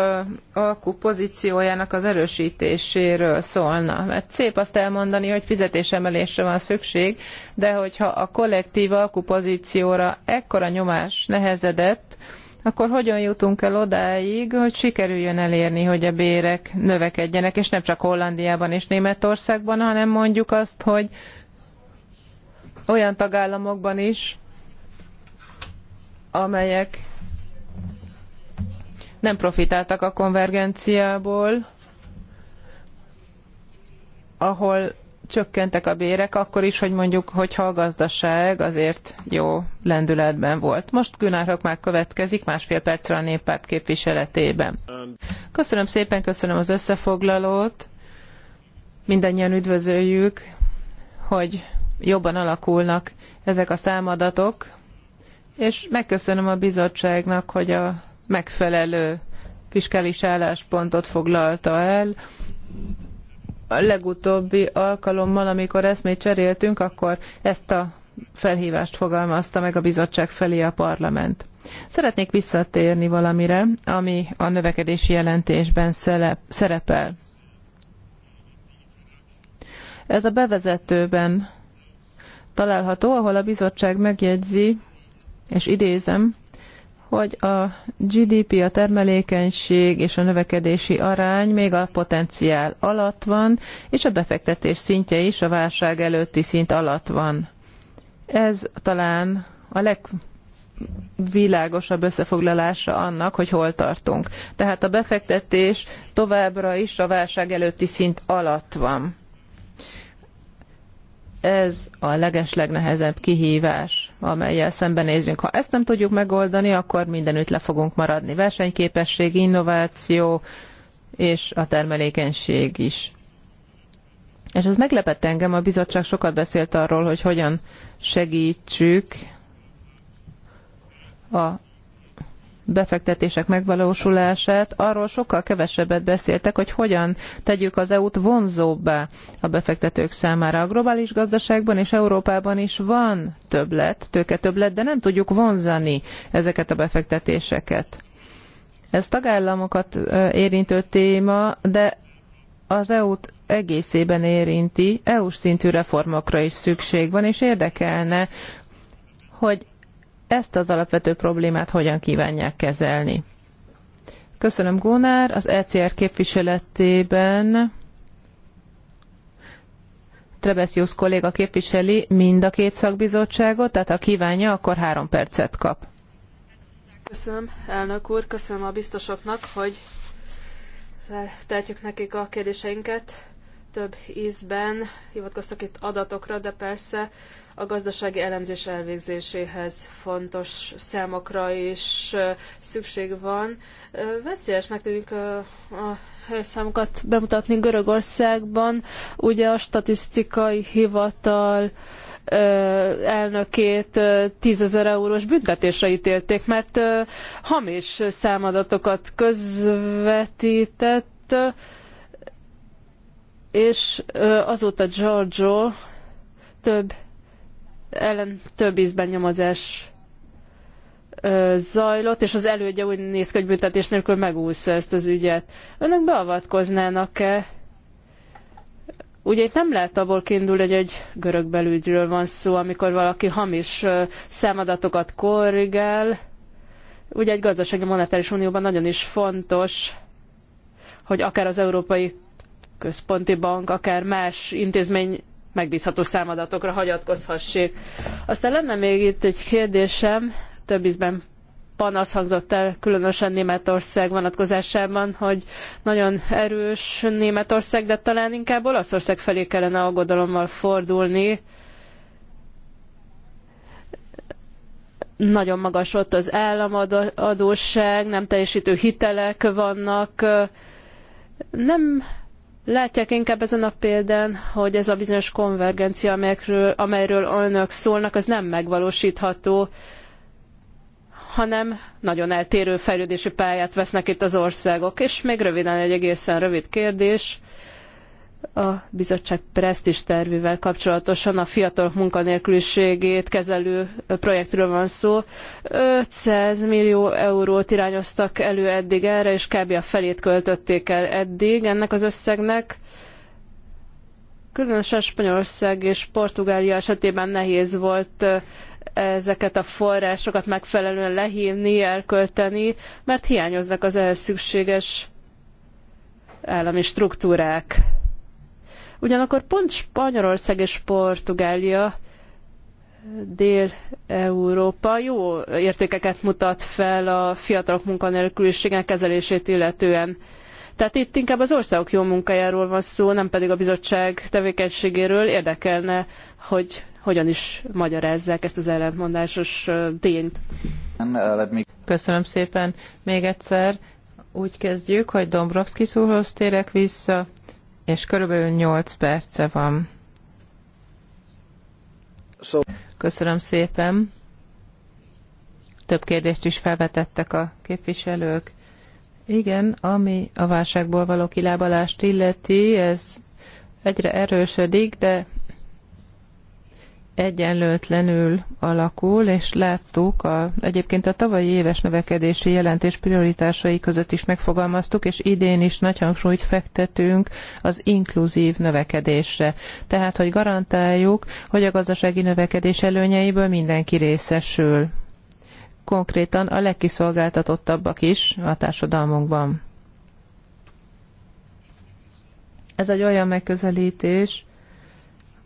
alkú pozíciójának az erősítéséről szólna. Mert szép azt elmondani, hogy fizetésemelésre van szükség, de hogyha a kollektív alkú pozícióra ekkora nyomás nehezedett, akkor hogyan jutunk el odáig, hogy sikerüljön elérni, hogy a bérek növekedjenek, és nem csak Hollandiában és Németországban, hanem mondjuk azt, hogy olyan tagállamokban is, amelyek nem profitáltak a konvergenciából, ahol csökkentek a bérek, akkor is, hogy mondjuk, hogyha a gazdaság azért jó lendületben volt. Most Gunnar már következik másfél percre a néppárt képviseletében. Köszönöm szépen, köszönöm az összefoglalót. Mindannyian üdvözöljük, hogy jobban alakulnak ezek a számadatok, és megköszönöm a bizottságnak, hogy a megfelelő fiskális álláspontot foglalta el. A legutóbbi alkalommal, amikor eszmét cseréltünk, akkor ezt a felhívást fogalmazta meg a bizottság felé a parlament. Szeretnék visszatérni valamire, ami a növekedési jelentésben szerepel. Ez a bevezetőben található, ahol a bizottság megjegyzi, és idézem, hogy a GDP, a termelékenység és a növekedési arány még a potenciál alatt van, és a befektetés szintje is a válság előtti szint alatt van. Ez talán a leg világosabb összefoglalása annak, hogy hol tartunk. Tehát a befektetés továbbra is a válság előtti szint alatt van ez a legeslegnehezebb kihívás, amelyel szembenézünk. Ha ezt nem tudjuk megoldani, akkor mindenütt le fogunk maradni. Versenyképesség, innováció és a termelékenység is. És ez meglepett engem, a bizottság sokat beszélt arról, hogy hogyan segítsük a befektetések megvalósulását, arról sokkal kevesebbet beszéltek, hogy hogyan tegyük az EU-t vonzóbbá a befektetők számára. A globális gazdaságban és Európában is van többlet, tőke többlet, de nem tudjuk vonzani ezeket a befektetéseket. Ez tagállamokat érintő téma, de az EU-t egészében érinti, EU-s szintű reformokra is szükség van, és érdekelne, hogy ezt az alapvető problémát hogyan kívánják kezelni. Köszönöm Gónár. az ECR képviseletében Trebeszius kolléga képviseli mind a két szakbizottságot, tehát ha kívánja, akkor három percet kap. Köszönöm, elnök úr, köszönöm a biztosoknak, hogy feltehetjük nekik a kérdéseinket. Több ízben hivatkoztak itt adatokra, de persze a gazdasági elemzés elvégzéséhez fontos számokra is szükség van. Veszélyesnek tűnik a, a számokat bemutatni Görögországban. Ugye a statisztikai hivatal elnökét tízezer eurós büntetésre ítélték, mert hamis számadatokat közvetített, és azóta Giorgio több ellen több ízben nyomozás zajlott, és az elődje úgy néz ki, hogy büntetés nélkül megúszta ezt az ügyet. Önök beavatkoznának-e? Ugye itt nem lehet abból kiindulni, hogy egy görög belügyről van szó, amikor valaki hamis számadatokat korrigál. Ugye egy gazdasági monetáris unióban nagyon is fontos, hogy akár az Európai Központi Bank, akár más intézmény megbízható számadatokra hagyatkozhassék. Aztán lenne még itt egy kérdésem, több ízben panasz hangzott el, különösen Németország vonatkozásában, hogy nagyon erős Németország, de talán inkább Olaszország felé kellene aggodalommal fordulni. Nagyon magas ott az államadóság, nem teljesítő hitelek vannak. Nem Látják inkább ezen a példán, hogy ez a bizonyos konvergencia, amelyről, amelyről önök szólnak, az nem megvalósítható, hanem nagyon eltérő fejlődési pályát vesznek itt az országok. És még röviden egy egészen rövid kérdés a bizottság presztis tervével kapcsolatosan a fiatalok munkanélküliségét kezelő projektről van szó. 500 millió eurót irányoztak elő eddig erre, és kb. a felét költötték el eddig ennek az összegnek. Különösen Spanyolország és Portugália esetében nehéz volt ezeket a forrásokat megfelelően lehívni, elkölteni, mert hiányoznak az ehhez szükséges állami struktúrák. Ugyanakkor pont Spanyolország és Portugália Dél-Európa jó értékeket mutat fel a fiatalok munkanélküliségének kezelését illetően. Tehát itt inkább az országok jó munkájáról van szó, nem pedig a bizottság tevékenységéről. Érdekelne, hogy hogyan is magyarázzák ezt az ellentmondásos tényt. Köszönöm szépen. Még egyszer úgy kezdjük, hogy Dombrovski szóhoz térek vissza, és körülbelül 8 perce van. Köszönöm szépen. Több kérdést is felvetettek a képviselők. Igen, ami a válságból való kilábalást illeti, ez egyre erősödik, de egyenlőtlenül alakul, és láttuk, a, egyébként a tavalyi éves növekedési jelentés prioritásai között is megfogalmaztuk, és idén is nagy hangsúlyt fektetünk az inkluzív növekedésre. Tehát, hogy garantáljuk, hogy a gazdasági növekedés előnyeiből mindenki részesül. Konkrétan a legkiszolgáltatottabbak is a társadalmunkban. Ez egy olyan megközelítés,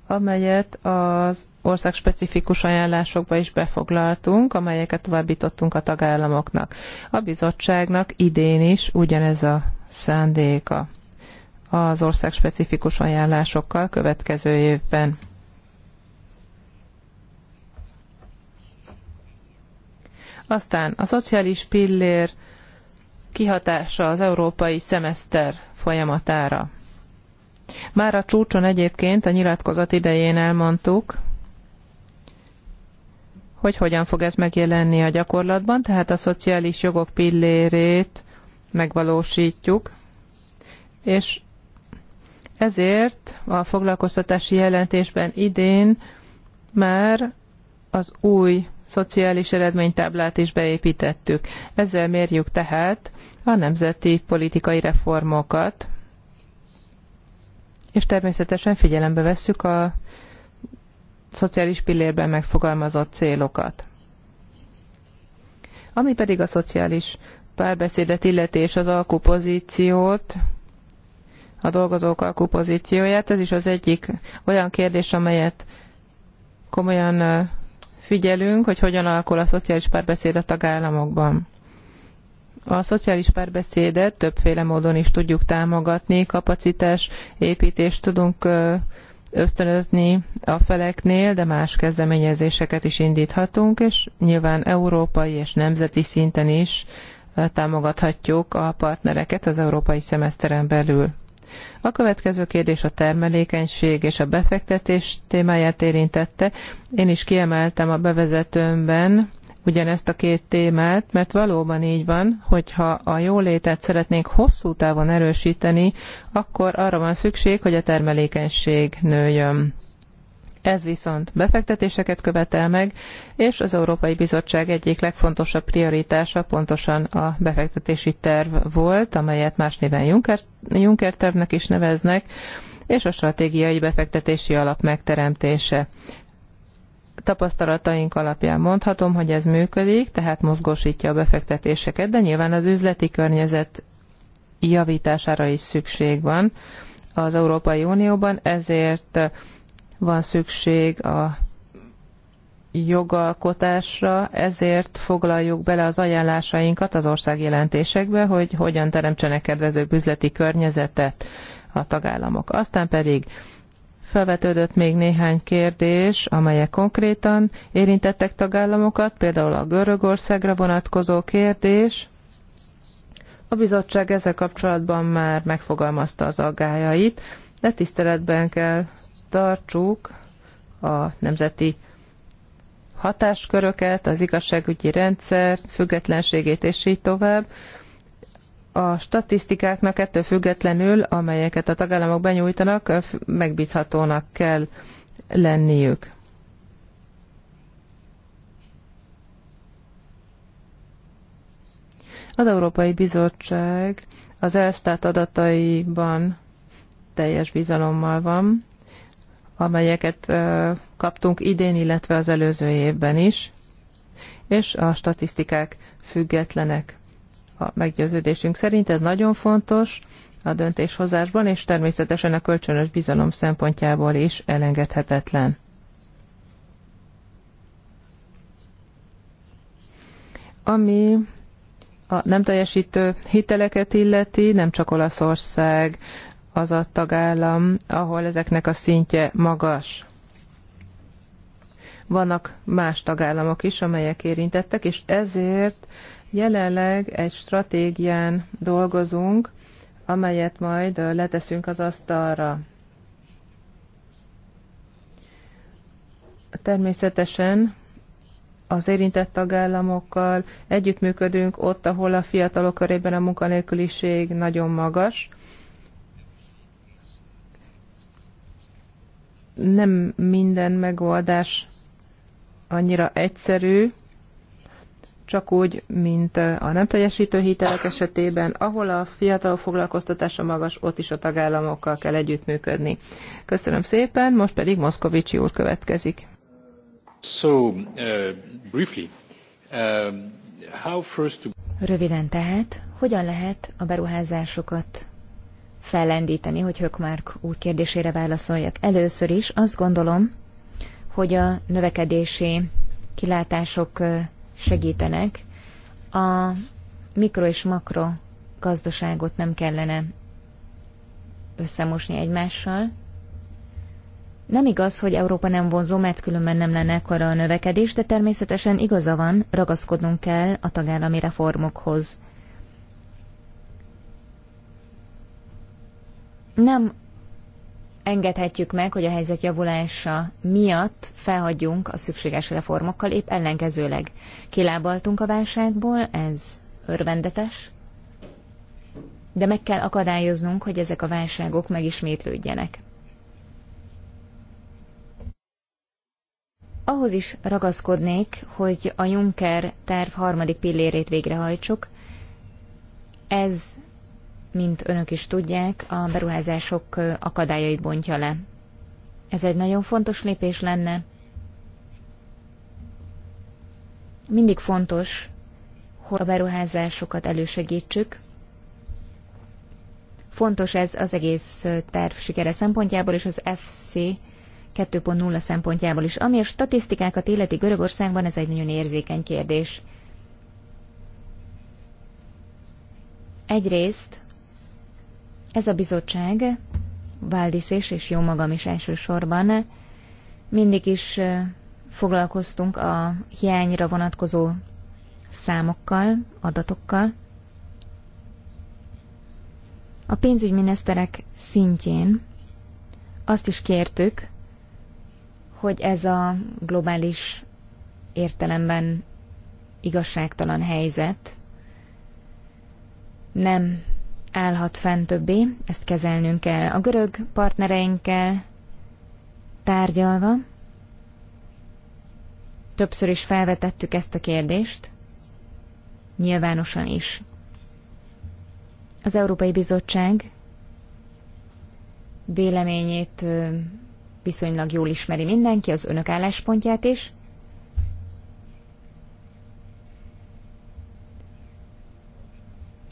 amelyet az országspecifikus ajánlásokba is befoglaltunk, amelyeket továbbítottunk a tagállamoknak. A bizottságnak idén is ugyanez a szándéka az országspecifikus ajánlásokkal következő évben. Aztán a szociális pillér kihatása az európai szemeszter folyamatára. Már a csúcson egyébként a nyilatkozat idején elmondtuk, hogy hogyan fog ez megjelenni a gyakorlatban, tehát a szociális jogok pillérét megvalósítjuk, és ezért a foglalkoztatási jelentésben idén már az új szociális eredménytáblát is beépítettük. Ezzel mérjük tehát a nemzeti politikai reformokat, és természetesen figyelembe vesszük a szociális pillérben megfogalmazott célokat. Ami pedig a szociális párbeszédet illeti és az alkupozíciót, a dolgozók alkupozícióját, ez is az egyik olyan kérdés, amelyet komolyan figyelünk, hogy hogyan alakul a szociális párbeszéd a tagállamokban. A szociális párbeszédet többféle módon is tudjuk támogatni, kapacitás építést tudunk ösztönözni a feleknél, de más kezdeményezéseket is indíthatunk, és nyilván európai és nemzeti szinten is eh, támogathatjuk a partnereket az európai szemeszteren belül. A következő kérdés a termelékenység és a befektetés témáját érintette. Én is kiemeltem a bevezetőmben, ugyanezt a két témát, mert valóban így van, hogyha a jólétet szeretnénk hosszú távon erősíteni, akkor arra van szükség, hogy a termelékenység nőjön. Ez viszont befektetéseket követel meg, és az Európai Bizottság egyik legfontosabb prioritása pontosan a befektetési terv volt, amelyet más néven Juncker, Juncker tervnek is neveznek, és a stratégiai befektetési alap megteremtése tapasztalataink alapján mondhatom, hogy ez működik, tehát mozgósítja a befektetéseket, de nyilván az üzleti környezet javítására is szükség van az Európai Unióban, ezért van szükség a jogalkotásra, ezért foglaljuk bele az ajánlásainkat az ország jelentésekbe, hogy hogyan teremtsenek kedvező üzleti környezetet a tagállamok. Aztán pedig Felvetődött még néhány kérdés, amelyek konkrétan érintettek tagállamokat, például a Görögországra vonatkozó kérdés. A bizottság ezzel kapcsolatban már megfogalmazta az aggájait, de tiszteletben kell tartsuk a nemzeti hatásköröket, az igazságügyi rendszer függetlenségét és így tovább a statisztikáknak ettől függetlenül, amelyeket a tagállamok benyújtanak, megbízhatónak kell lenniük. Az Európai Bizottság az ELSZTÁT adataiban teljes bizalommal van, amelyeket kaptunk idén, illetve az előző évben is, és a statisztikák függetlenek a meggyőződésünk szerint. Ez nagyon fontos a döntéshozásban, és természetesen a kölcsönös bizalom szempontjából is elengedhetetlen. Ami a nem teljesítő hiteleket illeti, nem csak Olaszország az a tagállam, ahol ezeknek a szintje magas. Vannak más tagállamok is, amelyek érintettek, és ezért Jelenleg egy stratégián dolgozunk, amelyet majd leteszünk az asztalra. Természetesen az érintett tagállamokkal együttműködünk ott, ahol a fiatalok körében a munkanélküliség nagyon magas. Nem minden megoldás annyira egyszerű, csak úgy, mint eh, a nem teljesítő hitelek esetében, ahol a fiatalok foglalkoztatása magas, ott is a tagállamokkal kell együttműködni. Köszönöm szépen, most pedig Moszkovicsi úr következik. So, uh, briefly, uh, how first to... Röviden tehát, hogyan lehet a beruházásokat fellendíteni, hogy már úr kérdésére válaszoljak. Először is azt gondolom, hogy a növekedési kilátások segítenek. A mikro és makro gazdaságot nem kellene összemosni egymással. Nem igaz, hogy Európa nem vonzó, mert különben nem lenne ekkora a növekedés, de természetesen igaza van, ragaszkodnunk kell a tagállami reformokhoz. Nem engedhetjük meg, hogy a helyzet javulása miatt felhagyjunk a szükséges reformokkal, épp ellenkezőleg kilábaltunk a válságból, ez örvendetes, de meg kell akadályoznunk, hogy ezek a válságok megismétlődjenek. Ahhoz is ragaszkodnék, hogy a Juncker terv harmadik pillérét végrehajtsuk. Ez mint önök is tudják, a beruházások akadályait bontja le. Ez egy nagyon fontos lépés lenne. Mindig fontos, hogy a beruházásokat elősegítsük. Fontos ez az egész terv sikere szempontjából, és az FC 2.0 szempontjából is. Ami a statisztikákat illeti Görögországban, ez egy nagyon érzékeny kérdés. Egyrészt ez a bizottság, Váldis és, és jó magam is elsősorban, mindig is foglalkoztunk a hiányra vonatkozó számokkal, adatokkal. A pénzügyminiszterek szintjén azt is kértük, hogy ez a globális értelemben igazságtalan helyzet nem állhat fenn többé, ezt kezelnünk kell a görög partnereinkkel tárgyalva. Többször is felvetettük ezt a kérdést, nyilvánosan is. Az Európai Bizottság véleményét viszonylag jól ismeri mindenki, az önök álláspontját is,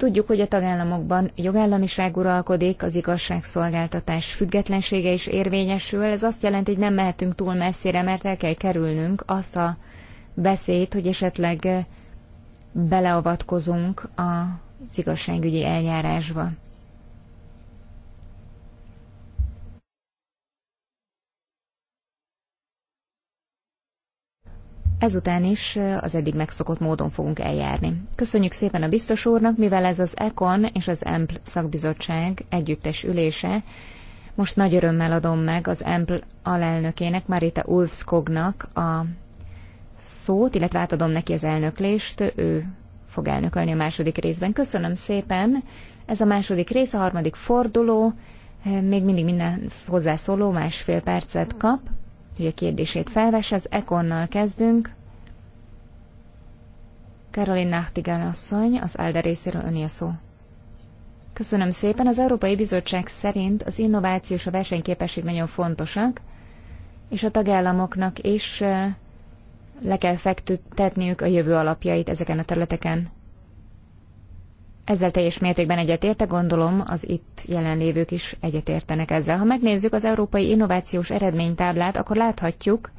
Tudjuk, hogy a tagállamokban jogállamiság uralkodik, az igazságszolgáltatás függetlensége is érvényesül. Ez azt jelenti, hogy nem mehetünk túl messzire, mert el kell kerülnünk azt a beszéd, hogy esetleg beleavatkozunk az igazságügyi eljárásba. ezután is az eddig megszokott módon fogunk eljárni. Köszönjük szépen a biztos úrnak, mivel ez az ECON és az EMPL szakbizottság együttes ülése, most nagy örömmel adom meg az EMPL alelnökének, Marita Ulfskognak a szót, illetve átadom neki az elnöklést, ő fog elnökölni a második részben. Köszönöm szépen! Ez a második rész, a harmadik forduló, még mindig minden hozzászóló másfél percet kap hogy a kérdését felves, az Ekonnal kezdünk. Karolin Nachtigál asszony, az Alda részéről öné szó. Köszönöm szépen. Az Európai Bizottság szerint az innováció és a versenyképesség nagyon fontosak, és a tagállamoknak is eh, le kell fektetniük a jövő alapjait ezeken a területeken. Ezzel teljes mértékben egyetértek, gondolom az itt jelenlévők is egyetértenek ezzel. Ha megnézzük az Európai Innovációs Eredménytáblát, akkor láthatjuk,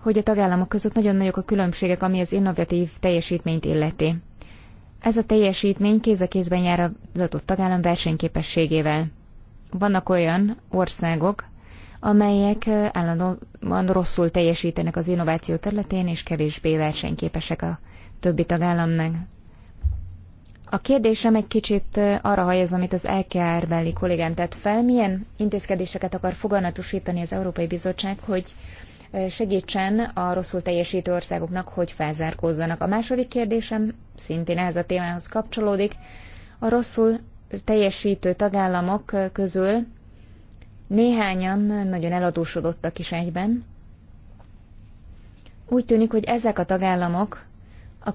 hogy a tagállamok között nagyon nagyok a különbségek, ami az innovatív teljesítményt illeti. Ez a teljesítmény kéz a kézben jár az adott tagállam versenyképességével. Vannak olyan országok, amelyek állandóan rosszul teljesítenek az innováció területén, és kevésbé versenyképesek a többi tagállamnak. A kérdésem egy kicsit arra hajaz, amit az LKR beli kollégám tett fel. Milyen intézkedéseket akar foganatosítani az Európai Bizottság, hogy segítsen a rosszul teljesítő országoknak, hogy felzárkózzanak. A második kérdésem szintén ehhez a témához kapcsolódik. A rosszul teljesítő tagállamok közül néhányan nagyon eladósodottak is egyben. Úgy tűnik, hogy ezek a tagállamok a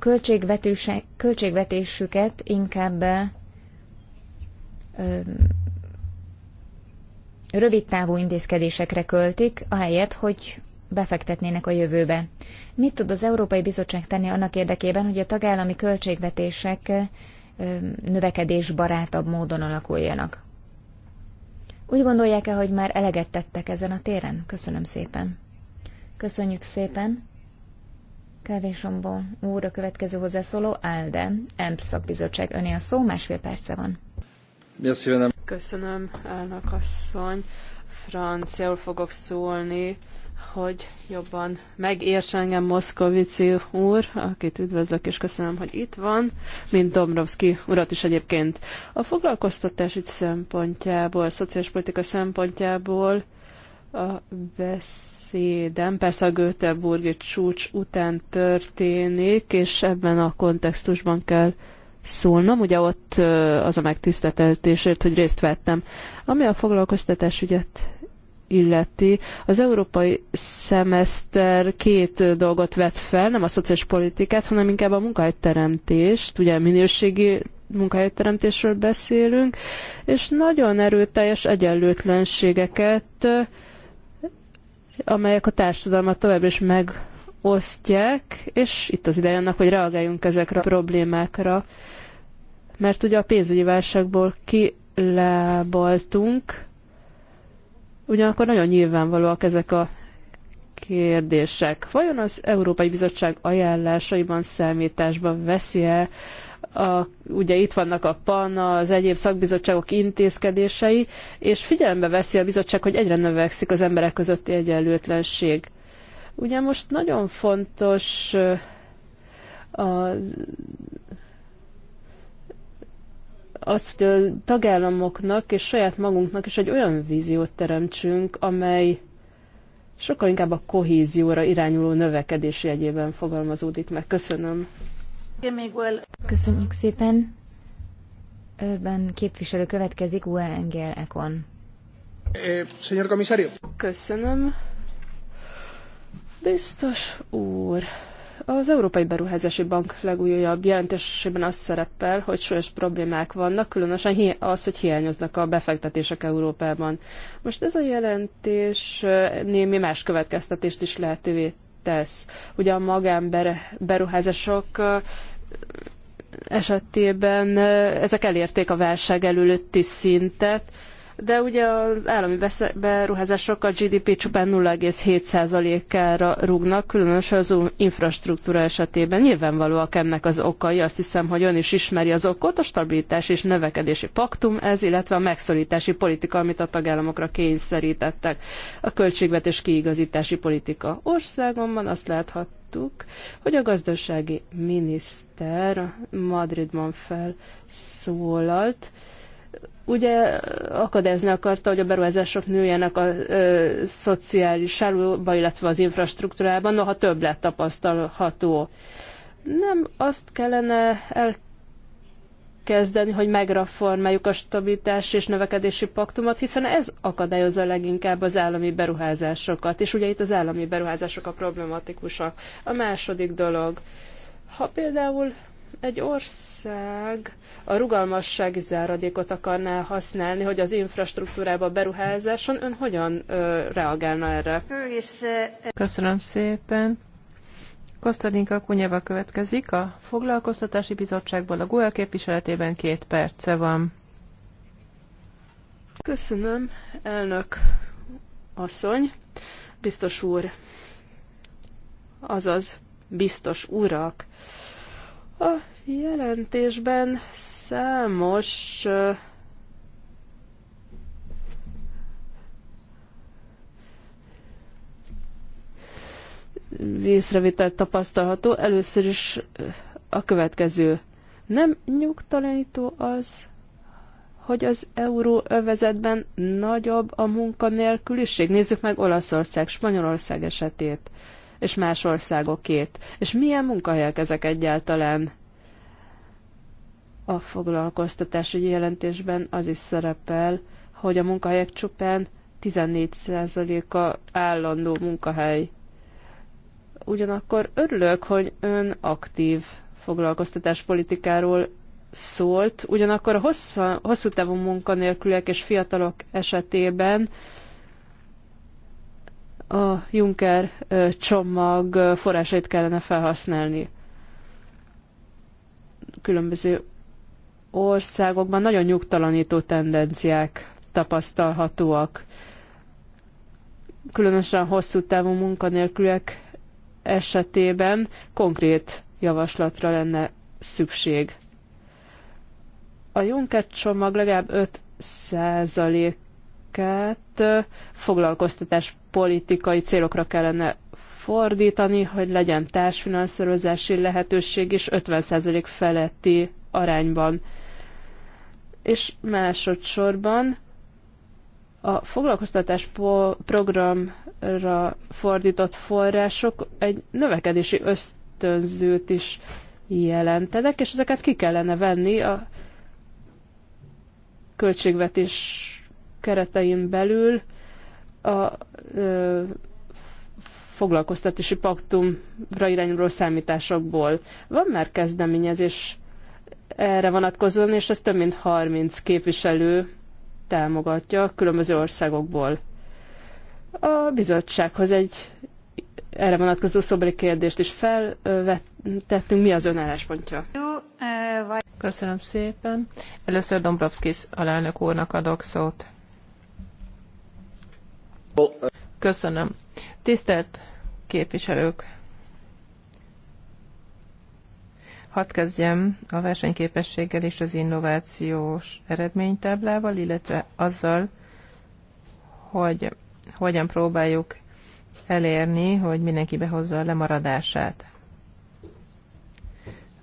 költségvetésüket inkább ö, rövid távú intézkedésekre költik, ahelyett, hogy befektetnének a jövőbe. Mit tud az Európai Bizottság tenni annak érdekében, hogy a tagállami költségvetések növekedésbarátabb módon alakuljanak? Úgy gondolják-e, hogy már eleget tettek ezen a téren? Köszönöm szépen. Köszönjük szépen. Kávésombó úr, a következő hozzászóló Alde, EMP szakbizottság öné a szó, másfél perce van. Köszönöm, elnök asszony. Franciául fogok szólni, hogy jobban megértsen engem Moszkovici úr, akit üdvözlök és köszönöm, hogy itt van, mint Dombrovski urat is egyébként. A foglalkoztatási szempontjából, a szociális politika szempontjából a besz beszédem persze a Göteborgi csúcs után történik, és ebben a kontextusban kell szólnom. Ugye ott az a megtiszteltetésért, hogy részt vettem. Ami a foglalkoztatás ügyet illeti, az európai szemeszter két dolgot vet fel, nem a szociális politikát, hanem inkább a munkahelyteremtést, ugye minőségi munkahelyteremtésről beszélünk, és nagyon erőteljes egyenlőtlenségeket amelyek a társadalmat tovább is megosztják, és itt az ideje annak, hogy reagáljunk ezekre a problémákra, mert ugye a pénzügyi válságból kilábaltunk, ugyanakkor nagyon nyilvánvalóak ezek a kérdések. Vajon az Európai Bizottság ajánlásaiban számításba veszi-e a, ugye itt vannak a PAN, az egyéb szakbizottságok intézkedései, és figyelembe veszi a bizottság, hogy egyre növekszik az emberek közötti egyenlőtlenség. Ugye most nagyon fontos a, az, hogy a tagállamoknak és saját magunknak is egy olyan víziót teremtsünk, amely sokkal inkább a kohézióra irányuló növekedés jegyében fogalmazódik meg. Köszönöm. Köszönjük szépen. Örben képviselő következik, UE Engel Ekon. Köszönöm. Biztos úr, az Európai Beruházási Bank legújabb jelentésében az szerepel, hogy súlyos problémák vannak, különösen az, hogy hiányoznak a befektetések Európában. Most ez a jelentés eh, némi más következtetést is lehetővé tesz. Ugye a magánberuházások eh, esetében ezek elérték a válság előtti szintet, de ugye az állami beruházások a GDP csupán 0,7%-ára rúgnak, különösen az infrastruktúra esetében. Nyilvánvalóak ennek az okai, azt hiszem, hogy ön is ismeri az okot, a stabilitási és növekedési paktum ez, illetve a megszorítási politika, amit a tagállamokra kényszerítettek, a költségvetés kiigazítási politika országomban, azt láthattuk, hogy a gazdasági miniszter Madridban felszólalt, ugye akadályozni akarta, hogy a beruházások nőjenek a ö, szociális állóba, illetve az infrastruktúrában, noha több lett tapasztalható. Nem azt kellene elkezdeni, hogy megreformáljuk a stabilitás és növekedési paktumot, hiszen ez akadályozza leginkább az állami beruházásokat, és ugye itt az állami beruházások a problematikusak. A második dolog, ha például egy ország a rugalmassági záradékot akarná használni, hogy az infrastruktúrába beruházáson, ön hogyan ö, reagálna erre? Köszönöm szépen. Kosztadinka Kunyeva következik. A Foglalkoztatási Bizottságból a GUEL képviseletében két perce van. Köszönöm, elnök asszony, biztos úr, azaz biztos urak. A jelentésben számos vészrevételt tapasztalható. Először is a következő. Nem nyugtalanító az, hogy az euróövezetben nagyobb a munkanélküliség. Nézzük meg Olaszország, Spanyolország esetét és más országokét. És milyen munkahelyek ezek egyáltalán? A foglalkoztatási jelentésben az is szerepel, hogy a munkahelyek csupán 14%-a állandó munkahely. Ugyanakkor örülök, hogy ön aktív foglalkoztatáspolitikáról szólt, ugyanakkor a hossza, hosszú távú munkanélküliek és fiatalok esetében a Juncker csomag forrásait kellene felhasználni. Különböző országokban nagyon nyugtalanító tendenciák tapasztalhatóak. Különösen hosszú távú munkanélküliek esetében konkrét javaslatra lenne szükség. A Juncker csomag legalább 5 százalék pénzeket foglalkoztatás politikai célokra kellene fordítani, hogy legyen társfinanszírozási lehetőség is 50% feletti arányban. És másodszorban a foglalkoztatás programra fordított források egy növekedési ösztönzőt is jelentenek, és ezeket ki kellene venni a költségvetés keretein belül a ö, foglalkoztatási paktumra irányuló számításokból. Van már kezdeményezés erre vonatkozóan, és ezt több mint 30 képviselő támogatja különböző országokból. A bizottsághoz egy erre vonatkozó szobeli kérdést is felvetettünk. Mi az ön álláspontja? Köszönöm szépen. Először Dombrovskis alelnök úrnak adok szót. Köszönöm. Tisztelt képviselők! Hadd kezdjem a versenyképességgel és az innovációs eredménytáblával, illetve azzal, hogy hogyan próbáljuk elérni, hogy mindenki behozza a lemaradását.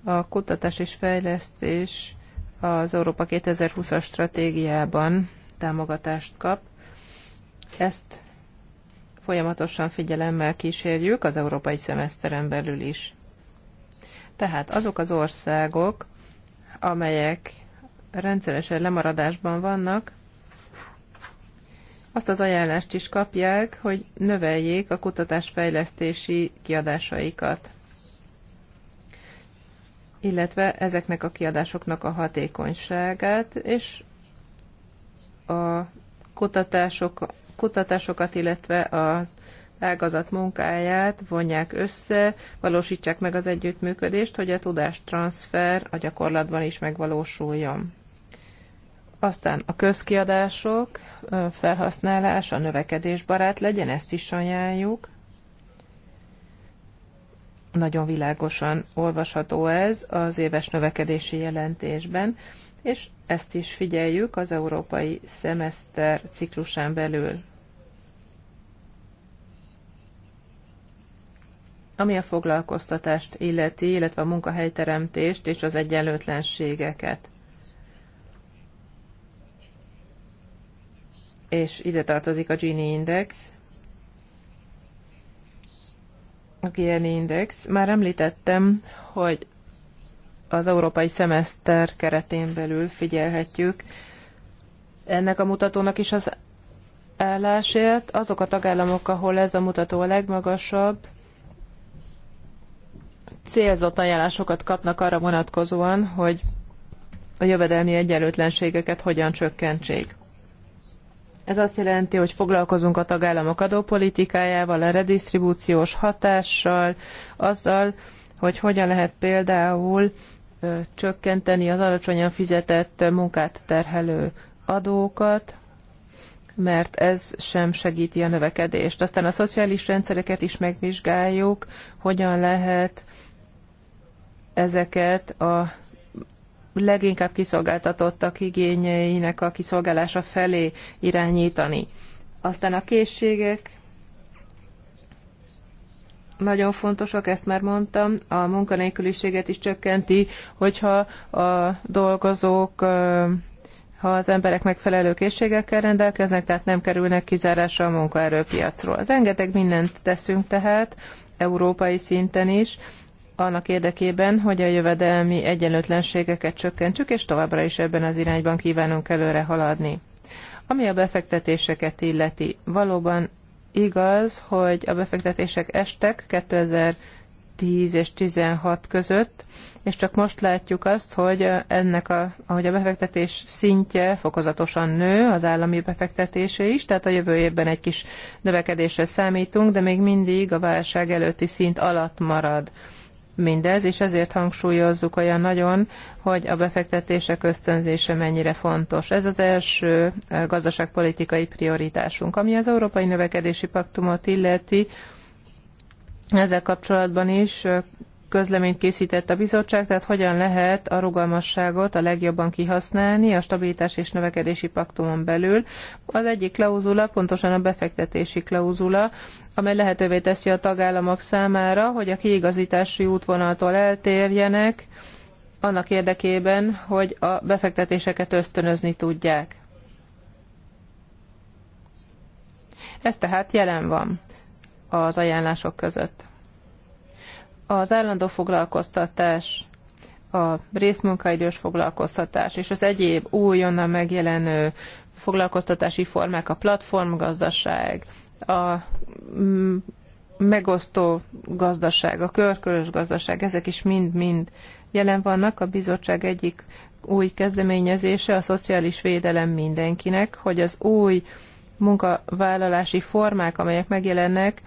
A kutatás és fejlesztés az Európa 2020-as stratégiában támogatást kap, ezt folyamatosan figyelemmel kísérjük az európai szemeszteren belül is. Tehát azok az országok, amelyek rendszeresen lemaradásban vannak, azt az ajánlást is kapják, hogy növeljék a kutatásfejlesztési kiadásaikat, illetve ezeknek a kiadásoknak a hatékonyságát, és a kutatások kutatásokat, illetve a ágazat munkáját vonják össze, valósítsák meg az együttműködést, hogy a tudástranszfer a gyakorlatban is megvalósuljon. Aztán a közkiadások felhasználása növekedésbarát legyen, ezt is ajánljuk. Nagyon világosan olvasható ez az éves növekedési jelentésben, és ezt is figyeljük az európai szemeszter ciklusán belül. ami a foglalkoztatást illeti, illetve a munkahelyteremtést és az egyenlőtlenségeket. És ide tartozik a Gini Index, a Gini Index. Már említettem, hogy az európai szemeszter keretén belül figyelhetjük ennek a mutatónak is az állásért. Azok a tagállamok, ahol ez a mutató a legmagasabb, célzott ajánlásokat kapnak arra vonatkozóan, hogy a jövedelmi egyenlőtlenségeket hogyan csökkentsék. Ez azt jelenti, hogy foglalkozunk a tagállamok adópolitikájával, a redistribúciós hatással, azzal, hogy hogyan lehet például csökkenteni az alacsonyan fizetett munkát terhelő adókat, mert ez sem segíti a növekedést. Aztán a szociális rendszereket is megvizsgáljuk, hogyan lehet ezeket a leginkább kiszolgáltatottak igényeinek a kiszolgálása felé irányítani. Aztán a készségek nagyon fontosak, ezt már mondtam, a munkanélküliséget is csökkenti, hogyha a dolgozók ha az emberek megfelelő készségekkel rendelkeznek, tehát nem kerülnek kizárásra a munkaerőpiacról. Rengeteg mindent teszünk tehát, európai szinten is, annak érdekében, hogy a jövedelmi egyenlőtlenségeket csökkentsük, és továbbra is ebben az irányban kívánunk előre haladni. Ami a befektetéseket illeti, valóban igaz, hogy a befektetések estek 2010 és 16 között, és csak most látjuk azt, hogy ennek a, ahogy a befektetés szintje fokozatosan nő, az állami befektetése is, tehát a jövő évben egy kis növekedésre számítunk, de még mindig a válság előtti szint alatt marad mindez, és ezért hangsúlyozzuk olyan nagyon, hogy a befektetések ösztönzése mennyire fontos. Ez az első gazdaságpolitikai prioritásunk. Ami az Európai Növekedési Paktumot illeti, ezzel kapcsolatban is közleményt készített a bizottság, tehát hogyan lehet a rugalmasságot a legjobban kihasználni a stabilitás és növekedési paktumon belül. Az egyik klauzula, pontosan a befektetési klauzula, amely lehetővé teszi a tagállamok számára, hogy a kiigazítási útvonaltól eltérjenek, annak érdekében, hogy a befektetéseket ösztönözni tudják. Ez tehát jelen van az ajánlások között. Az állandó foglalkoztatás, a részmunkaidős foglalkoztatás és az egyéb újonnan megjelenő foglalkoztatási formák, a platformgazdaság, a mm, megosztó gazdaság, a körkörös gazdaság, ezek is mind-mind jelen vannak. A bizottság egyik új kezdeményezése a szociális védelem mindenkinek, hogy az új munkavállalási formák, amelyek megjelennek,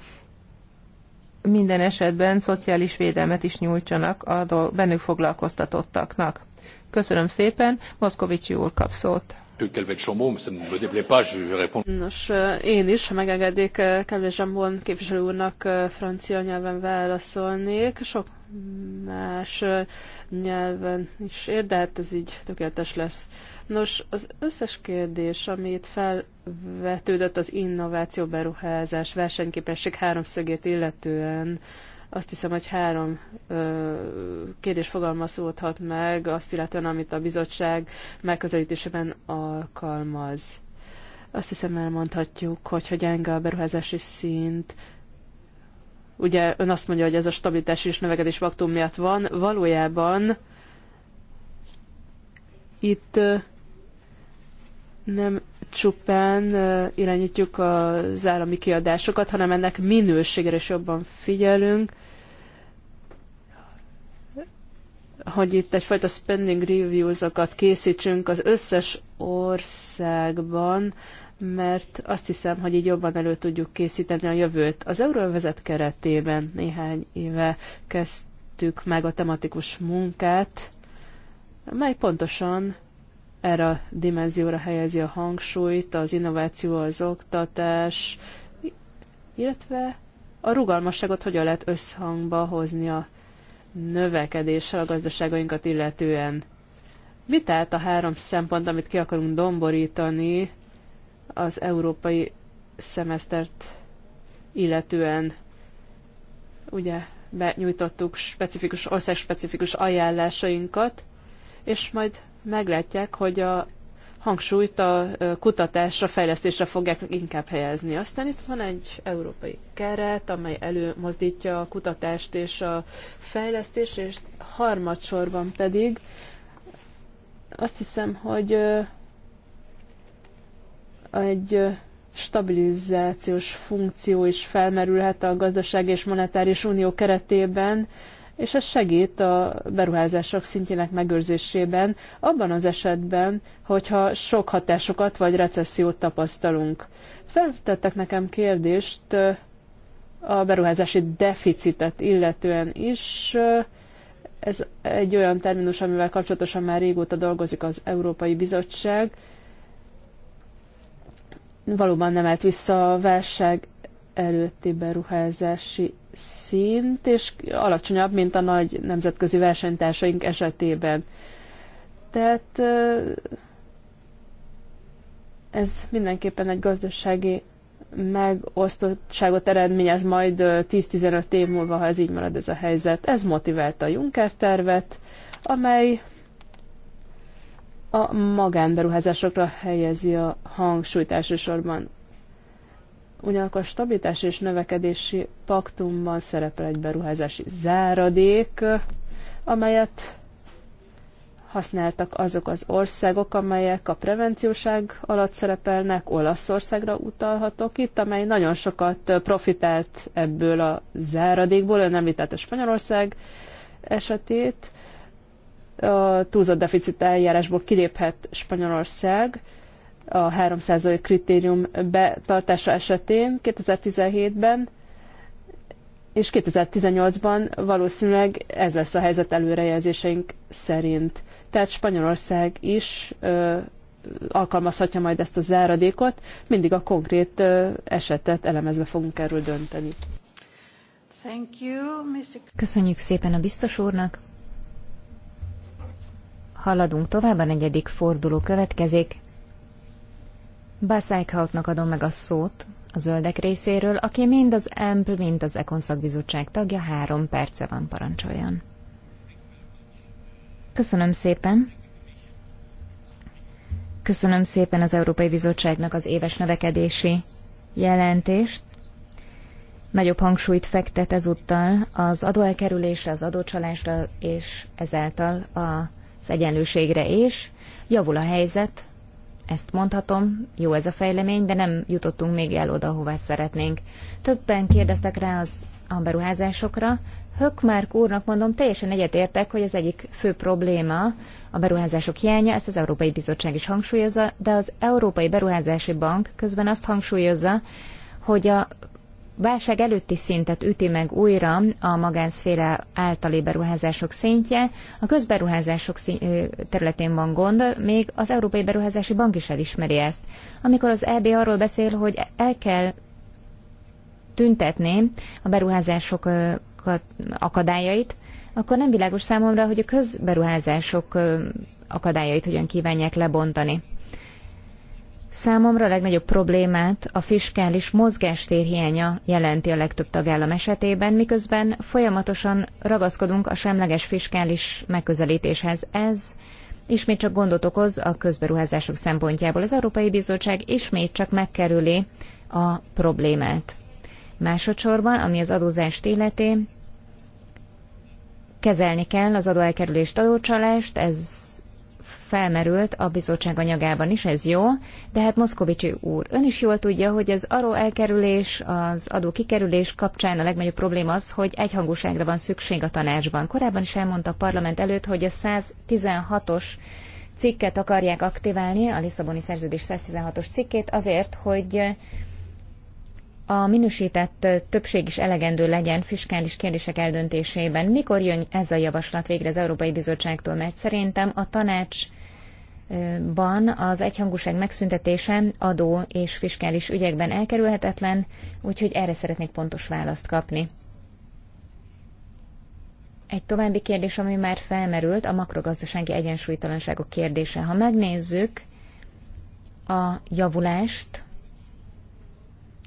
minden esetben szociális védelmet is nyújtsanak a bennük foglalkoztatottaknak. Köszönöm szépen, Moszkovicsi úr kap szót. Nos, euh, én is, ha megengedik, euh, kedves Zsambon képviselő úrnak euh, francia nyelven válaszolnék. Sok más nyelven is ér, de hát ez így tökéletes lesz. Nos, az összes kérdés, amit felvetődött az innováció beruházás versenyképesség háromszögét illetően, azt hiszem, hogy három ö, kérdés fogalmazódhat meg, azt illetően, amit a bizottság megközelítésében alkalmaz. Azt hiszem, elmondhatjuk, hogy ha gyenge a beruházási szint, ugye ön azt mondja, hogy ez a stabilitás és növekedés faktum miatt van, valójában itt nem csupán irányítjuk az állami kiadásokat, hanem ennek minőségére is jobban figyelünk, hogy itt egyfajta spending reviews-okat készítsünk az összes országban, mert azt hiszem, hogy így jobban elő tudjuk készíteni a jövőt. Az Euróvezet keretében néhány éve kezdtük meg a tematikus munkát, mely pontosan erre a dimenzióra helyezi a hangsúlyt, az innováció, az oktatás, illetve a rugalmasságot hogyan lehet összhangba hozni a növekedéssel a gazdaságainkat illetően. Mi tehát a három szempont, amit ki akarunk domborítani az európai szemesztert illetően? Ugye benyújtottuk specifikus, országspecifikus ajánlásainkat, és majd meglátják, hogy a hangsúlyt a kutatásra, fejlesztésre fogják inkább helyezni. Aztán itt van egy európai keret, amely előmozdítja a kutatást és a fejlesztést, és harmadsorban pedig azt hiszem, hogy egy stabilizációs funkció is felmerülhet a gazdaság és monetáris unió keretében, és ez segít a beruházások szintjének megőrzésében, abban az esetben, hogyha sok hatásokat vagy recessziót tapasztalunk. Feltettek nekem kérdést a beruházási deficitet illetően is. Ez egy olyan terminus, amivel kapcsolatosan már régóta dolgozik az Európai Bizottság. Valóban nem állt vissza a válság előtti beruházási szint, és alacsonyabb, mint a nagy nemzetközi versenytársaink esetében. Tehát ez mindenképpen egy gazdasági megosztottságot eredményez majd 10-15 év múlva, ha ez így marad ez a helyzet. Ez motiválta a Juncker tervet, amely a magánberuházásokra helyezi a hangsúlyt elsősorban. Ugyanakkor a stabilitás és növekedési paktumban szerepel egy beruházási záradék, amelyet használtak azok az országok, amelyek a prevencióság alatt szerepelnek, Olaszországra utalhatok itt, amely nagyon sokat profitált ebből a záradékból, ön említette Spanyolország esetét, a túlzott deficit eljárásból kiléphet Spanyolország, a 3% kritérium betartása esetén 2017-ben, és 2018-ban valószínűleg ez lesz a helyzet előrejelzéseink szerint. Tehát Spanyolország is ö, alkalmazhatja majd ezt a záradékot, mindig a konkrét ö, esetet elemezve fogunk erről dönteni. Thank you, Mr. Köszönjük szépen a biztos úrnak. Haladunk tovább, a negyedik forduló következik. Basszájkautnak adom meg a szót a zöldek részéről, aki mind az EMP, mind az Ekon szakbizottság tagja, három perce van, parancsoljon. Köszönöm szépen. Köszönöm szépen az Európai Bizottságnak az éves növekedési jelentést. Nagyobb hangsúlyt fektet ezúttal az adóelkerülésre, az adócsalásra és ezáltal az egyenlőségre is. Javul a helyzet ezt mondhatom, jó ez a fejlemény, de nem jutottunk még el oda, hová szeretnénk. Többen kérdeztek rá az a Hök már úrnak mondom, teljesen egyetértek, hogy az egyik fő probléma a beruházások hiánya, ezt az Európai Bizottság is hangsúlyozza, de az Európai Beruházási Bank közben azt hangsúlyozza, hogy a válság előtti szintet üti meg újra a magánszféra általi beruházások szintje, a közberuházások területén van gond, még az Európai Beruházási Bank is elismeri ezt. Amikor az EB arról beszél, hogy el kell tüntetni a beruházások akadályait, akkor nem világos számomra, hogy a közberuházások akadályait hogyan kívánják lebontani. Számomra a legnagyobb problémát a fiskális mozgástér hiánya jelenti a legtöbb tagállam esetében, miközben folyamatosan ragaszkodunk a semleges fiskális megközelítéshez. Ez ismét csak gondot okoz a közberuházások szempontjából. Az Európai Bizottság ismét csak megkerüli a problémát. Másodszorban, ami az adózást illeti, kezelni kell az adóelkerülést, adócsalást, ez felmerült a bizottság anyagában is, ez jó, de hát Moszkovicsi úr, ön is jól tudja, hogy az aró elkerülés, az adó kikerülés kapcsán a legnagyobb probléma az, hogy egyhangúságra van szükség a tanácsban. Korábban is elmondta a parlament előtt, hogy a 116-os cikket akarják aktiválni, a Lisszaboni Szerződés 116-os cikkét, azért, hogy a minősített többség is elegendő legyen fiskális kérdések eldöntésében. Mikor jön ez a javaslat végre az Európai Bizottságtól? Mert szerintem a tanács ban az egyhangúság megszüntetése adó és fiskális ügyekben elkerülhetetlen, úgyhogy erre szeretnék pontos választ kapni. Egy további kérdés, ami már felmerült, a makrogazdasági egyensúlytalanságok kérdése. Ha megnézzük a javulást,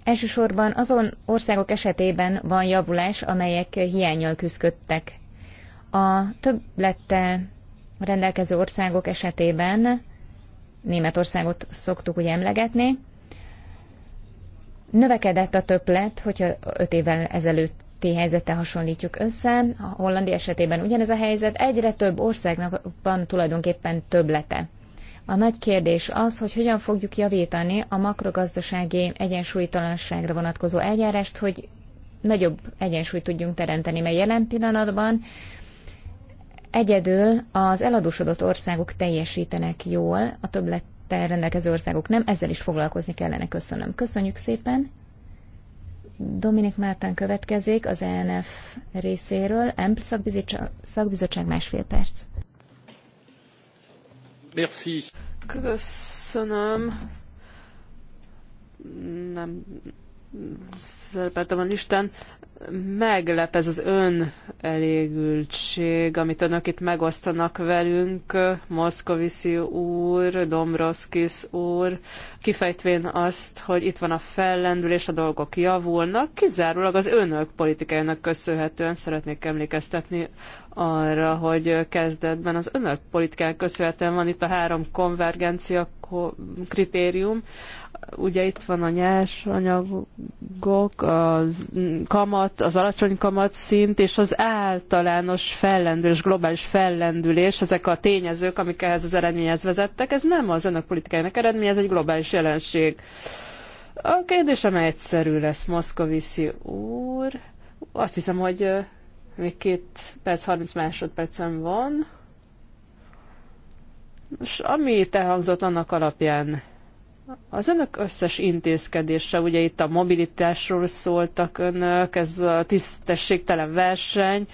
elsősorban azon országok esetében van javulás, amelyek hiányjal küzdöttek. A többlettel rendelkező országok esetében, Németországot szoktuk ugye emlegetni, növekedett a többlet, hogyha öt évvel ezelőtti helyzettel hasonlítjuk össze, a hollandi esetében ugyanez a helyzet, egyre több országnak van tulajdonképpen többlete. A nagy kérdés az, hogy hogyan fogjuk javítani a makrogazdasági egyensúlytalanságra vonatkozó eljárást, hogy nagyobb egyensúlyt tudjunk teremteni, mert jelen pillanatban Egyedül az eladósodott országok teljesítenek jól, a többlettel rendelkező országok nem, ezzel is foglalkozni kellene. Köszönöm. Köszönjük szépen. Dominik Mártán következik az ENF részéről. EMP szakbizottság, szakbizottság másfél perc. Merci. Köszönöm. Nem szerepeltem a listán meglep ez az ön elégültség, amit önök itt megosztanak velünk, Moszkoviszi úr, Dombrovskis úr, kifejtvén azt, hogy itt van a fellendülés, a dolgok javulnak, kizárólag az önök politikájának köszönhetően szeretnék emlékeztetni arra, hogy kezdetben az önök politikának köszönhetően van itt a három konvergencia kritérium, ugye itt van a nyersanyagok, a kamat, az alacsony kamat szint, és az általános fellendülés, globális fellendülés, ezek a tényezők, amik ehhez az eredményhez vezettek, ez nem az önök politikájának eredménye, ez egy globális jelenség. A kérdésem egyszerű lesz, Moszkoviszi úr. Azt hiszem, hogy még két perc, 30 másodpercem van. És ami te hangzott annak alapján, az önök összes intézkedése, ugye itt a mobilitásról szóltak önök, ez a tisztességtelen verseny,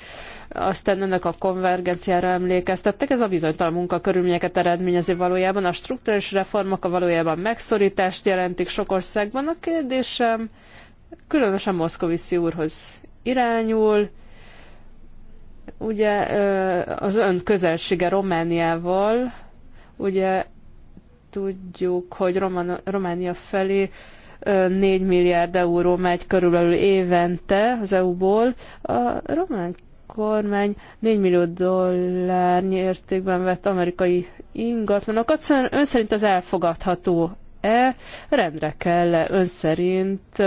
aztán önök a konvergenciára emlékeztettek, ez a bizonytalan munkakörülményeket eredményezi valójában, a strukturális reformok a valójában megszorítást jelentik sok országban. A kérdésem különösen Moszkoviszi úrhoz irányul, ugye az ön közelsége Romániával, ugye Tudjuk, hogy Roman- Románia felé 4 milliárd euró megy körülbelül évente az EU-ból. A román kormány 4 millió dollár értékben vett amerikai ingatlanokat. Szóval ön szerint az elfogadható-e? Rendre kell -e ön szerint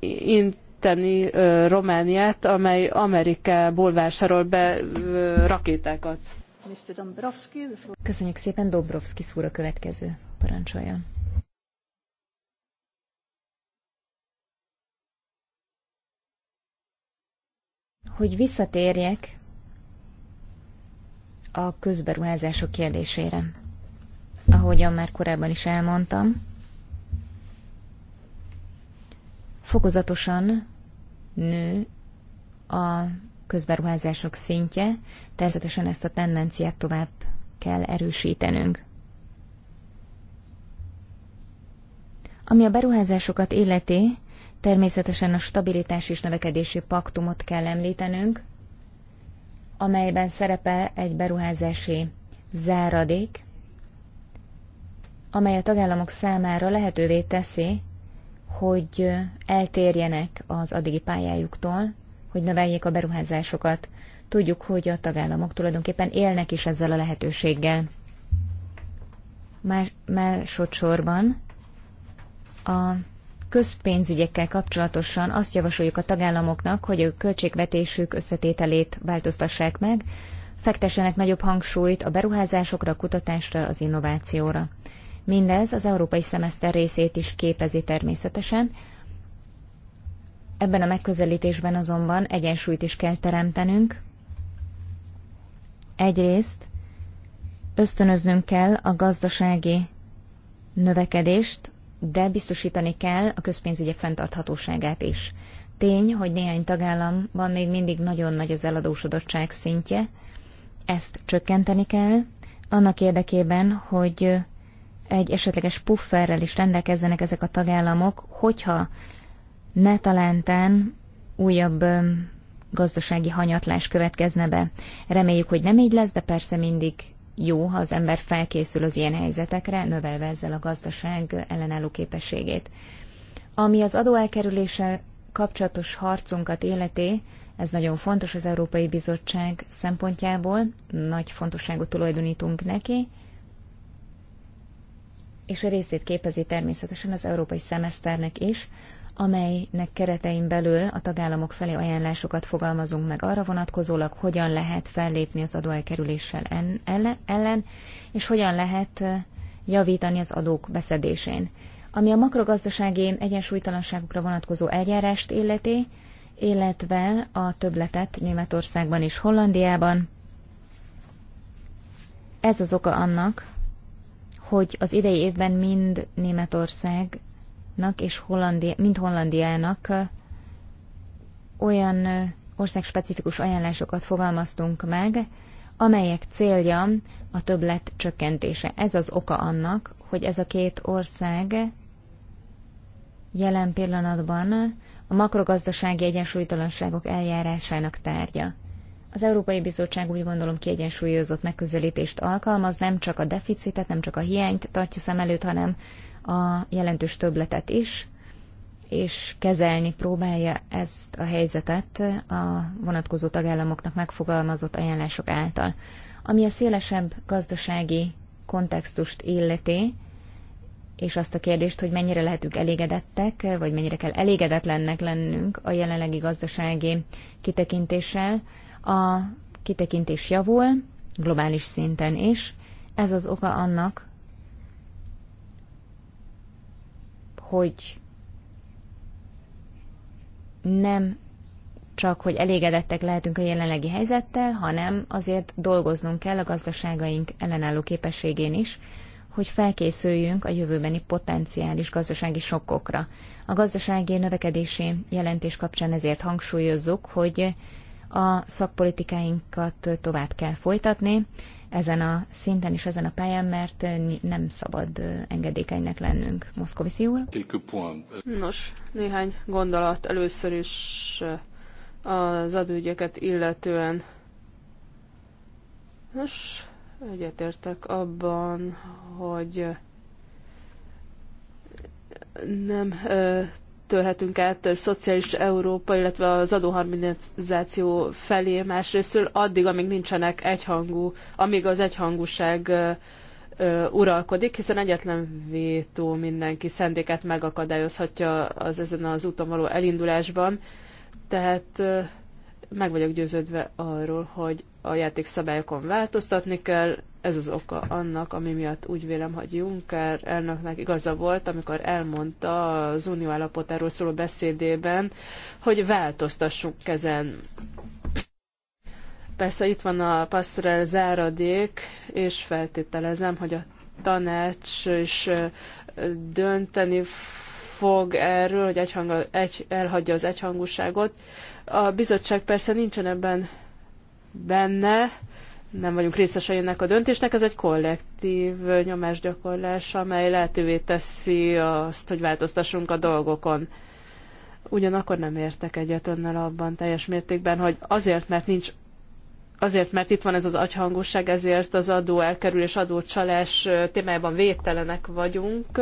inteni Romániát, amely Amerikából vásárol be rakétákat? Köszönjük szépen, Dombrovski szúra következő. Parancsoljon. Hogy visszatérjek a közberuházások kérdésére. Ahogyan már korábban is elmondtam, fokozatosan nő a közberuházások szintje, természetesen ezt a tendenciát tovább kell erősítenünk. Ami a beruházásokat illeti, természetesen a stabilitás és növekedési paktumot kell említenünk, amelyben szerepel egy beruházási záradék, amely a tagállamok számára lehetővé teszi, hogy eltérjenek az addigi pályájuktól, hogy növeljék a beruházásokat. Tudjuk, hogy a tagállamok tulajdonképpen élnek is ezzel a lehetőséggel. Más, másodszorban a közpénzügyekkel kapcsolatosan azt javasoljuk a tagállamoknak, hogy a költségvetésük összetételét változtassák meg, fektessenek nagyobb hangsúlyt a beruházásokra, a kutatásra, az innovációra. Mindez az európai szemeszter részét is képezi természetesen, Ebben a megközelítésben azonban egyensúlyt is kell teremtenünk. Egyrészt ösztönöznünk kell a gazdasági növekedést, de biztosítani kell a közpénzügyek fenntarthatóságát is. Tény, hogy néhány tagállamban még mindig nagyon nagy az eladósodottság szintje, ezt csökkenteni kell, annak érdekében, hogy egy esetleges pufferrel is rendelkezzenek ezek a tagállamok, hogyha ne talántán újabb gazdasági hanyatlás következne be. Reméljük, hogy nem így lesz, de persze mindig jó, ha az ember felkészül az ilyen helyzetekre, növelve ezzel a gazdaság ellenálló képességét. Ami az adóelkerüléssel kapcsolatos harcunkat életé, ez nagyon fontos az Európai Bizottság szempontjából, nagy fontosságot tulajdonítunk neki, és a részét képezi természetesen az európai szemeszternek is, amelynek keretein belül a tagállamok felé ajánlásokat fogalmazunk meg arra vonatkozólag, hogyan lehet fellépni az adóelkerüléssel ellen, és hogyan lehet javítani az adók beszedésén. Ami a makrogazdasági egyensúlytalanságokra vonatkozó eljárást illeti, illetve a többletet Németországban és Hollandiában. Ez az oka annak, hogy az idei évben mind Németország Hollandiának és Hollandi, mint Hollandiának olyan országspecifikus ajánlásokat fogalmaztunk meg, amelyek célja a többlet csökkentése. Ez az oka annak, hogy ez a két ország jelen pillanatban a makrogazdasági egyensúlytalanságok eljárásának tárgya. Az Európai Bizottság úgy gondolom kiegyensúlyozott megközelítést alkalmaz, nem csak a deficitet, nem csak a hiányt tartja szem előtt, hanem a jelentős töbletet is, és kezelni próbálja ezt a helyzetet a vonatkozó tagállamoknak megfogalmazott ajánlások által. Ami a szélesebb gazdasági kontextust illeti, és azt a kérdést, hogy mennyire lehetünk elégedettek, vagy mennyire kell elégedetlennek lennünk a jelenlegi gazdasági kitekintéssel, a kitekintés javul, globális szinten is. Ez az oka annak, hogy nem csak, hogy elégedettek lehetünk a jelenlegi helyzettel, hanem azért dolgoznunk kell a gazdaságaink ellenálló képességén is, hogy felkészüljünk a jövőbeni potenciális gazdasági sokkokra. A gazdasági növekedési jelentés kapcsán ezért hangsúlyozzuk, hogy a szakpolitikáinkat tovább kell folytatni, ezen a szinten és ezen a pályán, mert nem szabad engedékenynek lennünk. Moszkovici úr? Nos, néhány gondolat először is az adőgyeket illetően. Nos, egyetértek abban, hogy nem törhetünk át szociális Európa, illetve az adóharmonizáció felé másrésztől, addig, amíg nincsenek egyhangú, amíg az egyhangúság uralkodik, hiszen egyetlen vétó mindenki szendéket megakadályozhatja az ezen az úton való elindulásban. Tehát meg vagyok győződve arról, hogy a játékszabályokon változtatni kell, ez az oka annak, ami miatt úgy vélem, hogy Juncker elnöknek igaza volt, amikor elmondta az unió állapotáról szóló beszédében, hogy változtassunk ezen. Persze itt van a passzrel záradék, és feltételezem, hogy a tanács is dönteni fog erről, hogy egyhang, egy, elhagyja az egyhangúságot. A bizottság persze nincsen ebben benne, nem vagyunk részesei ennek a döntésnek, ez egy kollektív nyomásgyakorlás, amely lehetővé teszi azt, hogy változtassunk a dolgokon. Ugyanakkor nem értek egyet önnel abban teljes mértékben, hogy azért, mert nincs azért, mert itt van ez az agyhangosság, ezért az adó elkerülés, adócsalás témájában végtelenek vagyunk.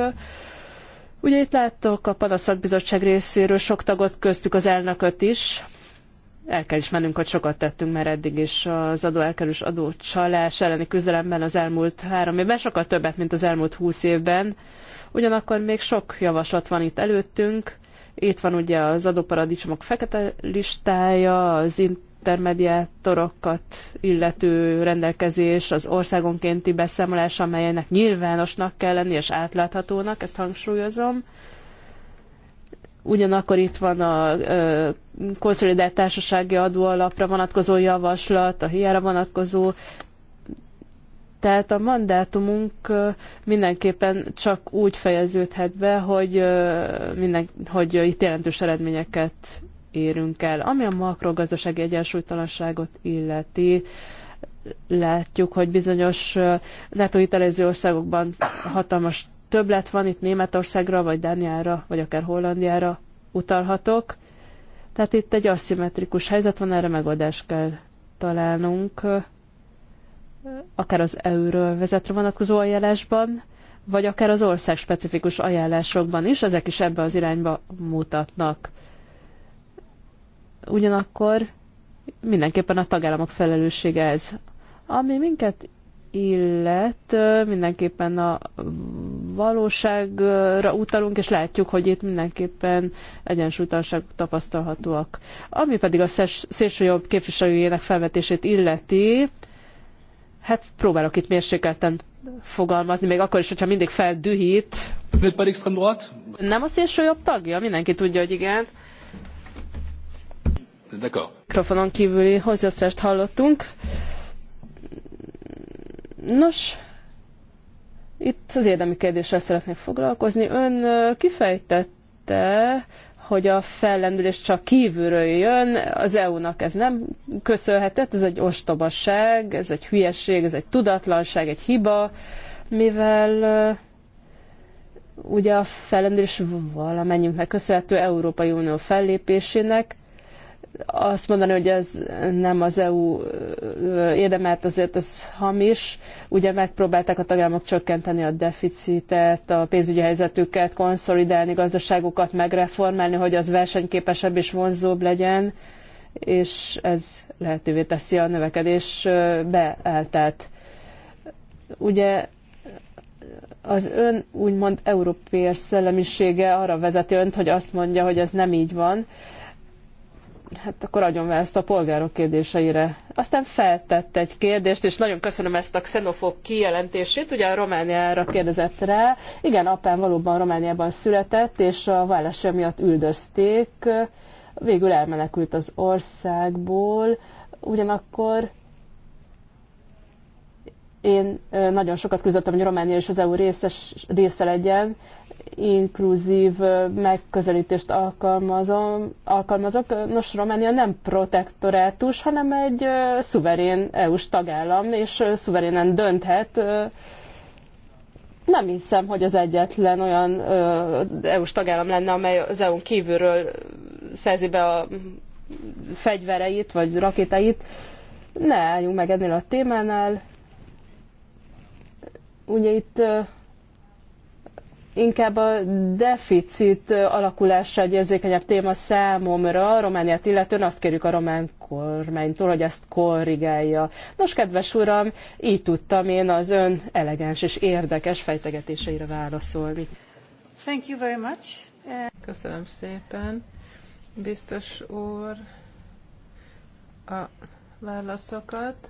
Ugye itt láttok a Panaszakbizottság részéről sok tagot, köztük az elnököt is, el kell ismernünk, hogy sokat tettünk mert eddig is az adó elkerülés adócsalás elleni küzdelemben az elmúlt három évben, sokkal többet, mint az elmúlt húsz évben. Ugyanakkor még sok javaslat van itt előttünk. Itt van ugye az adóparadicsomok fekete listája, az intermediátorokat illető rendelkezés, az országonkénti beszámolás, amelynek nyilvánosnak kell lenni és átláthatónak, ezt hangsúlyozom. Ugyanakkor itt van a konszolidált társasági adóalapra vonatkozó javaslat, a hiára vonatkozó. Tehát a mandátumunk mindenképpen csak úgy fejeződhet be, hogy, minden, hogy itt jelentős eredményeket érünk el. Ami a makrogazdasági egyensúlytalanságot illeti, látjuk, hogy bizonyos NATO-hitelező országokban hatalmas többlet van, itt Németországra, vagy Dániára, vagy akár Hollandiára utalhatok. Tehát itt egy aszimmetrikus helyzet van, erre megoldást kell találnunk, akár az EU-ről vezetre vonatkozó ajánlásban, vagy akár az ország specifikus ajánlásokban is, ezek is ebbe az irányba mutatnak. Ugyanakkor mindenképpen a tagállamok felelőssége ez. Ami minket illet, mindenképpen a valóságra utalunk, és látjuk, hogy itt mindenképpen egyensúlytalanságok tapasztalhatóak. Ami pedig a jobb képviselőjének felvetését illeti, hát próbálok itt mérsékelten fogalmazni, még akkor is, hogyha mindig feldühít. Nem a jobb tagja? Mindenki tudja, hogy igen. Mikrofonon kívüli hozzászólást hallottunk. Nos, itt az érdemi kérdéssel szeretnék foglalkozni. Ön kifejtette, hogy a fellendülés csak kívülről jön, az EU-nak ez nem köszönhető, ez egy ostobaság, ez egy hülyeség, ez egy tudatlanság, egy hiba, mivel ugye a fellendülés valamennyiünknek köszönhető Európai Unió fellépésének, azt mondani, hogy ez nem az EU érdemelt, azért ez hamis. Ugye megpróbálták a tagállamok csökkenteni a deficitet, a pénzügyi helyzetüket, konszolidálni gazdaságokat, megreformálni, hogy az versenyképesebb és vonzóbb legyen, és ez lehetővé teszi a növekedés beeltelt. Ugye az ön úgymond európai szellemisége arra vezeti önt, hogy azt mondja, hogy ez nem így van, hát akkor adjon választ a polgárok kérdéseire. Aztán feltett egy kérdést, és nagyon köszönöm ezt a xenofób kijelentését. Ugye a Romániára kérdezett rá. Igen, apám valóban Romániában született, és a vállása miatt üldözték. Végül elmenekült az országból. Ugyanakkor én nagyon sokat küzdöttem, hogy Románia és az EU részes, része legyen, inkluzív megközelítést alkalmazom, alkalmazok. Nos, Románia nem protektorátus, hanem egy szuverén EU-s tagállam, és szuverénen dönthet. Nem hiszem, hogy az egyetlen olyan EU-s tagállam lenne, amely az EU-n kívülről szerzi be a fegyvereit vagy rakétait. Ne álljunk meg ennél a témánál, Ugye itt inkább a deficit alakulása egy érzékenyebb téma számomra, Romániát illetően azt kérjük a román kormánytól, hogy ezt korrigálja. Nos, kedves uram, így tudtam én az ön elegáns és érdekes fejtegetéseire válaszolni. Thank you very much. Köszönöm szépen. Biztos úr a válaszokat.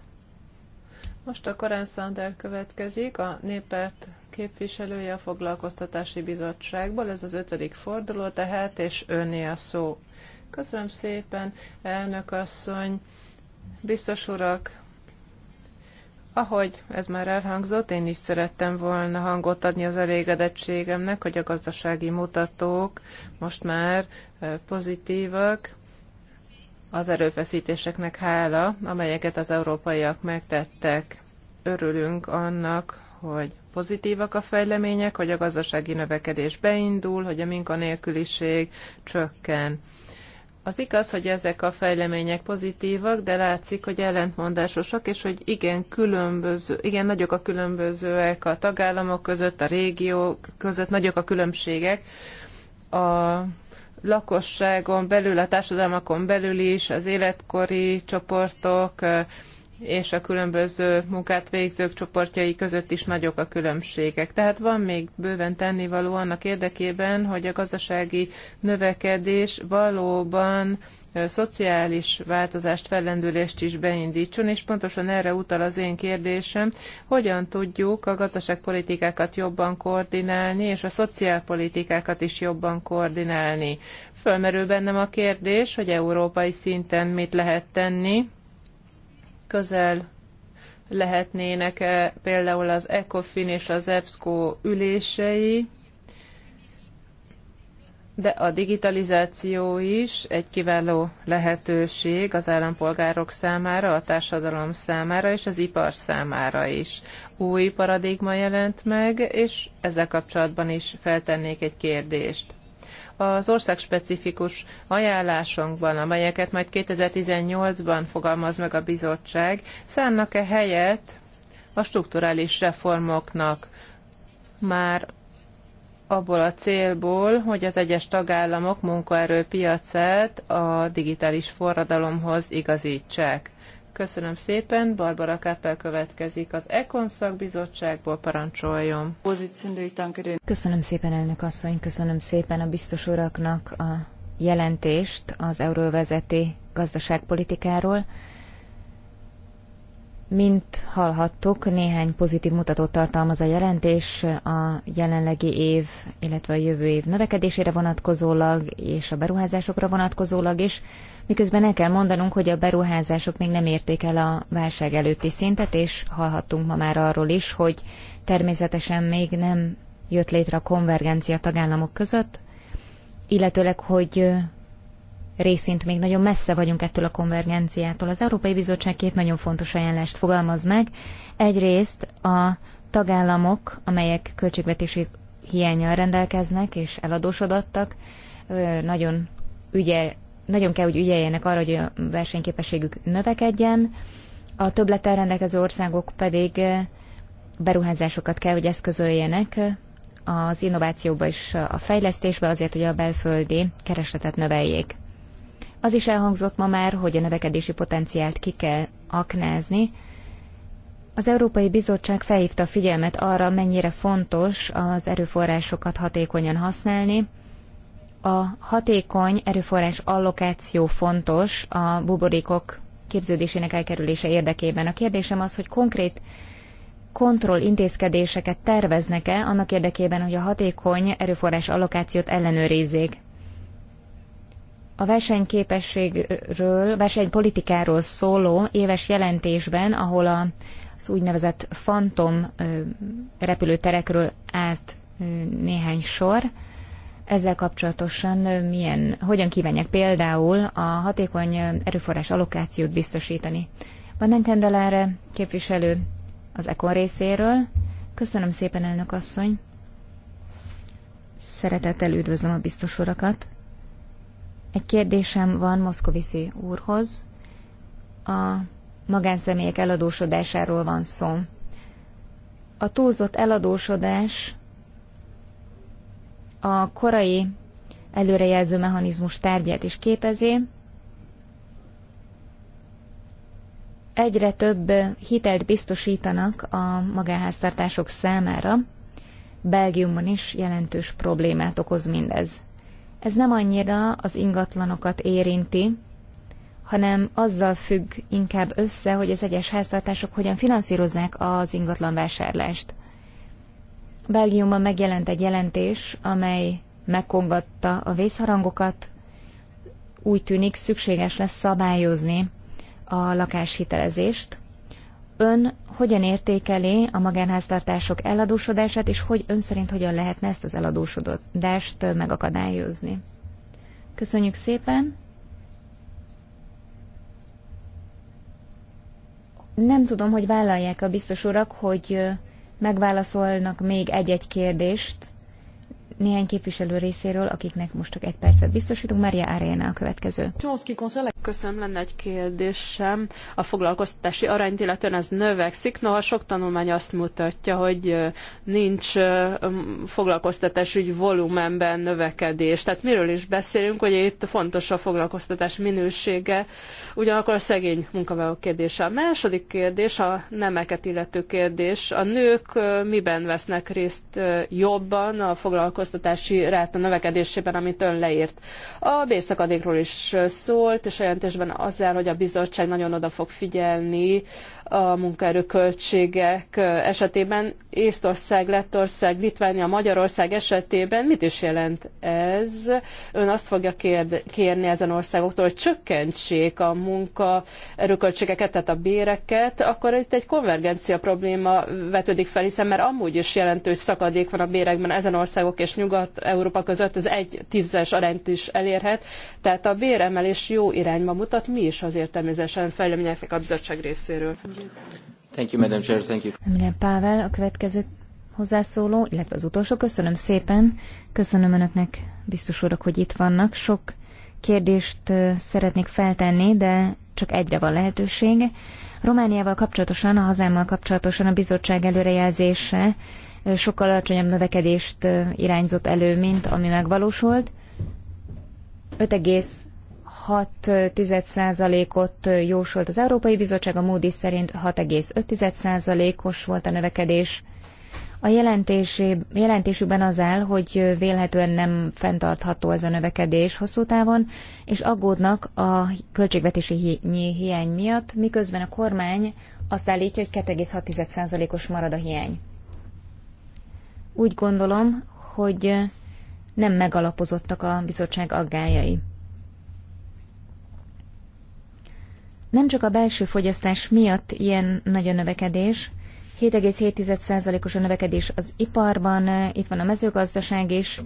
Most a Korán Szander következik, a néppárt képviselője a Foglalkoztatási Bizottságból, ez az ötödik forduló tehát, és önné a szó. Köszönöm szépen, elnök asszony, biztos urak, ahogy ez már elhangzott, én is szerettem volna hangot adni az elégedettségemnek, hogy a gazdasági mutatók most már eh, pozitívak, az erőfeszítéseknek hála, amelyeket az európaiak megtettek. Örülünk annak, hogy pozitívak a fejlemények, hogy a gazdasági növekedés beindul, hogy a minkanélküliség csökken. Az igaz, hogy ezek a fejlemények pozitívak, de látszik, hogy ellentmondásosak, és hogy igen, különböző, igen nagyok a különbözőek a tagállamok között, a régiók között, nagyok a különbségek a lakosságon belül, a társadalmakon belül is, az életkori csoportok és a különböző munkát végzők csoportjai között is nagyok a különbségek. Tehát van még bőven tennivaló annak érdekében, hogy a gazdasági növekedés valóban szociális változást, fellendülést is beindítson, és pontosan erre utal az én kérdésem, hogyan tudjuk a gazdaságpolitikákat jobban koordinálni, és a szociálpolitikákat is jobban koordinálni. Fölmerül bennem a kérdés, hogy európai szinten mit lehet tenni, közel lehetnének -e például az ECOFIN és az EBSCO ülései, de a digitalizáció is egy kiváló lehetőség az állampolgárok számára, a társadalom számára és az ipar számára is. Új paradigma jelent meg, és ezzel kapcsolatban is feltennék egy kérdést. Az országspecifikus ajánlásunkban, amelyeket majd 2018-ban fogalmaz meg a bizottság, szánnak-e helyet a strukturális reformoknak? Már abból a célból, hogy az egyes tagállamok munkaerőpiacát a digitális forradalomhoz igazítsák. Köszönöm szépen, Barbara Kappel következik az Ekon szakbizottságból, parancsoljon. Köszönöm szépen, elnök asszony, köszönöm szépen a biztos uraknak a jelentést az euróvezeti gazdaságpolitikáról. Mint hallhattuk, néhány pozitív mutatót tartalmaz a jelentés a jelenlegi év, illetve a jövő év növekedésére vonatkozólag és a beruházásokra vonatkozólag is, miközben el kell mondanunk, hogy a beruházások még nem érték el a válság előtti szintet, és hallhattunk ma már arról is, hogy természetesen még nem jött létre a konvergencia tagállamok között, illetőleg, hogy részint még nagyon messze vagyunk ettől a konvergenciától. Az Európai Bizottság két nagyon fontos ajánlást fogalmaz meg. Egyrészt a tagállamok, amelyek költségvetési hiányjal rendelkeznek és eladósodottak, nagyon, ügyel, nagyon kell, hogy ügyeljenek arra, hogy a versenyképességük növekedjen, a többlettel rendelkező országok pedig beruházásokat kell, hogy eszközöljenek az innovációba és a fejlesztésbe azért, hogy a belföldi keresletet növeljék. Az is elhangzott ma már, hogy a növekedési potenciált ki kell aknázni. Az Európai Bizottság felhívta a figyelmet arra, mennyire fontos az erőforrásokat hatékonyan használni. A hatékony erőforrás allokáció fontos a buborékok képződésének elkerülése érdekében. A kérdésem az, hogy konkrét kontroll intézkedéseket terveznek-e annak érdekében, hogy a hatékony erőforrás allokációt ellenőrizzék a versenyképességről, versenypolitikáról szóló éves jelentésben, ahol a az úgynevezett fantom repülőterekről állt néhány sor, ezzel kapcsolatosan milyen, hogyan kívánják például a hatékony erőforrás allokációt biztosítani. Vanden Kendeláre képviselő az ekon részéről. Köszönöm szépen, elnök asszony! Szeretettel üdvözlöm a biztos urakat! Egy kérdésem van Moszkoviszi úrhoz. A magánszemélyek eladósodásáról van szó. A túlzott eladósodás a korai előrejelző mechanizmus tárgyát is képezi. Egyre több hitelt biztosítanak a magánháztartások számára. Belgiumban is jelentős problémát okoz mindez. Ez nem annyira az ingatlanokat érinti, hanem azzal függ inkább össze, hogy az egyes háztartások hogyan finanszírozzák az ingatlan vásárlást. Belgiumban megjelent egy jelentés, amely megkongatta a vészharangokat, úgy tűnik szükséges lesz szabályozni a lakáshitelezést, ön hogyan értékeli a magánháztartások eladósodását, és hogy ön szerint hogyan lehetne ezt az eladósodást megakadályozni? Köszönjük szépen! Nem tudom, hogy vállalják a biztos urak, hogy megválaszolnak még egy-egy kérdést, néhány képviselő részéről, akiknek most csak egy percet biztosítunk. Maria Arena a következő. Köszönöm, lenne egy kérdésem. A foglalkoztatási arányt illetően ez növekszik, noha sok tanulmány azt mutatja, hogy nincs foglalkoztatás ügy volumenben növekedés. Tehát miről is beszélünk, hogy itt fontos a foglalkoztatás minősége, ugyanakkor a szegény munkavállalók kérdése. A második kérdés a nemeket illető kérdés. A nők miben vesznek részt jobban a foglalkoztatás foglalkoztatási ráta növekedésében, amit ön leírt. A bérszakadékról is szólt, és a jelentésben azzal, hogy a bizottság nagyon oda fog figyelni a munkaerőköltségek esetében, Észtország, Lettország, Litvánia, Magyarország esetében mit is jelent ez? Ön azt fogja kérni ezen országoktól, hogy csökkentsék a munkaerőköltségeket, tehát a béreket, akkor itt egy konvergencia probléma vetődik fel, hiszen már amúgy is jelentős szakadék van a bérekben ezen országok és Nyugat-Európa között, ez egy tízes arányt is elérhet, tehát a béremelés jó irányba mutat, mi is az értelmezésen fejleményeknek a bizottság részéről. Thank you, Madam Chair. Thank you. Pável, a következő hozzászóló, illetve az utolsó. Köszönöm szépen. Köszönöm önöknek, biztos urak, hogy itt vannak. Sok kérdést szeretnék feltenni, de csak egyre van lehetőség. Romániával kapcsolatosan, a hazámmal kapcsolatosan a bizottság előrejelzése sokkal alacsonyabb növekedést irányzott elő, mint ami megvalósult. 6,6%-ot jósolt az Európai Bizottság, a Moody szerint 6,5%-os volt a növekedés. A jelentésükben az áll, hogy vélhetően nem fenntartható ez a növekedés hosszú távon, és aggódnak a költségvetési hi hiány miatt, miközben a kormány azt állítja, hogy 2,6%-os marad a hiány. Úgy gondolom, hogy nem megalapozottak a bizottság aggályai. Nem csak a belső fogyasztás miatt ilyen nagy a növekedés, 7,7%-os a növekedés az iparban, itt van a mezőgazdaság is,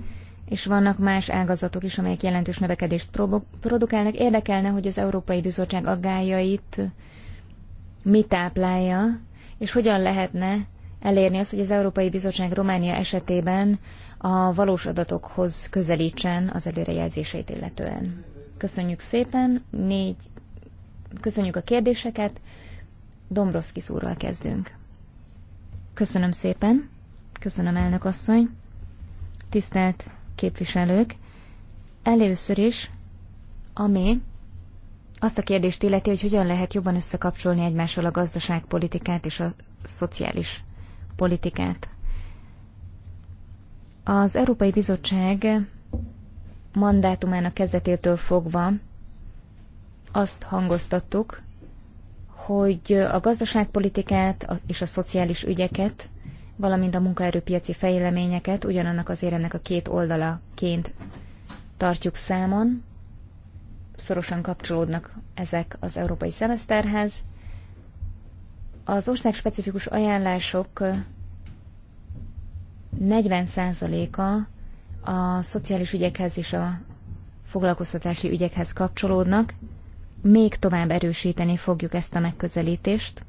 és vannak más ágazatok is, amelyek jelentős növekedést produkálnak. Érdekelne, hogy az Európai Bizottság aggájait mi táplálja, és hogyan lehetne elérni azt, hogy az Európai Bizottság Románia esetében a valós adatokhoz közelítsen az előrejelzéseit illetően. Köszönjük szépen, négy köszönjük a kérdéseket. Dombrovszki úrral kezdünk. Köszönöm szépen. Köszönöm, elnök asszony. Tisztelt képviselők. Először is, ami azt a kérdést illeti, hogy hogyan lehet jobban összekapcsolni egymással a gazdaságpolitikát és a szociális politikát. Az Európai Bizottság mandátumának kezdetétől fogva azt hangoztattuk, hogy a gazdaságpolitikát és a szociális ügyeket, valamint a munkaerőpiaci fejleményeket ugyanannak az éremnek a két oldalaként tartjuk számon, szorosan kapcsolódnak ezek az európai szemeszterhez. Az ország specifikus ajánlások 40%-a a szociális ügyekhez és a foglalkoztatási ügyekhez kapcsolódnak, még tovább erősíteni fogjuk ezt a megközelítést,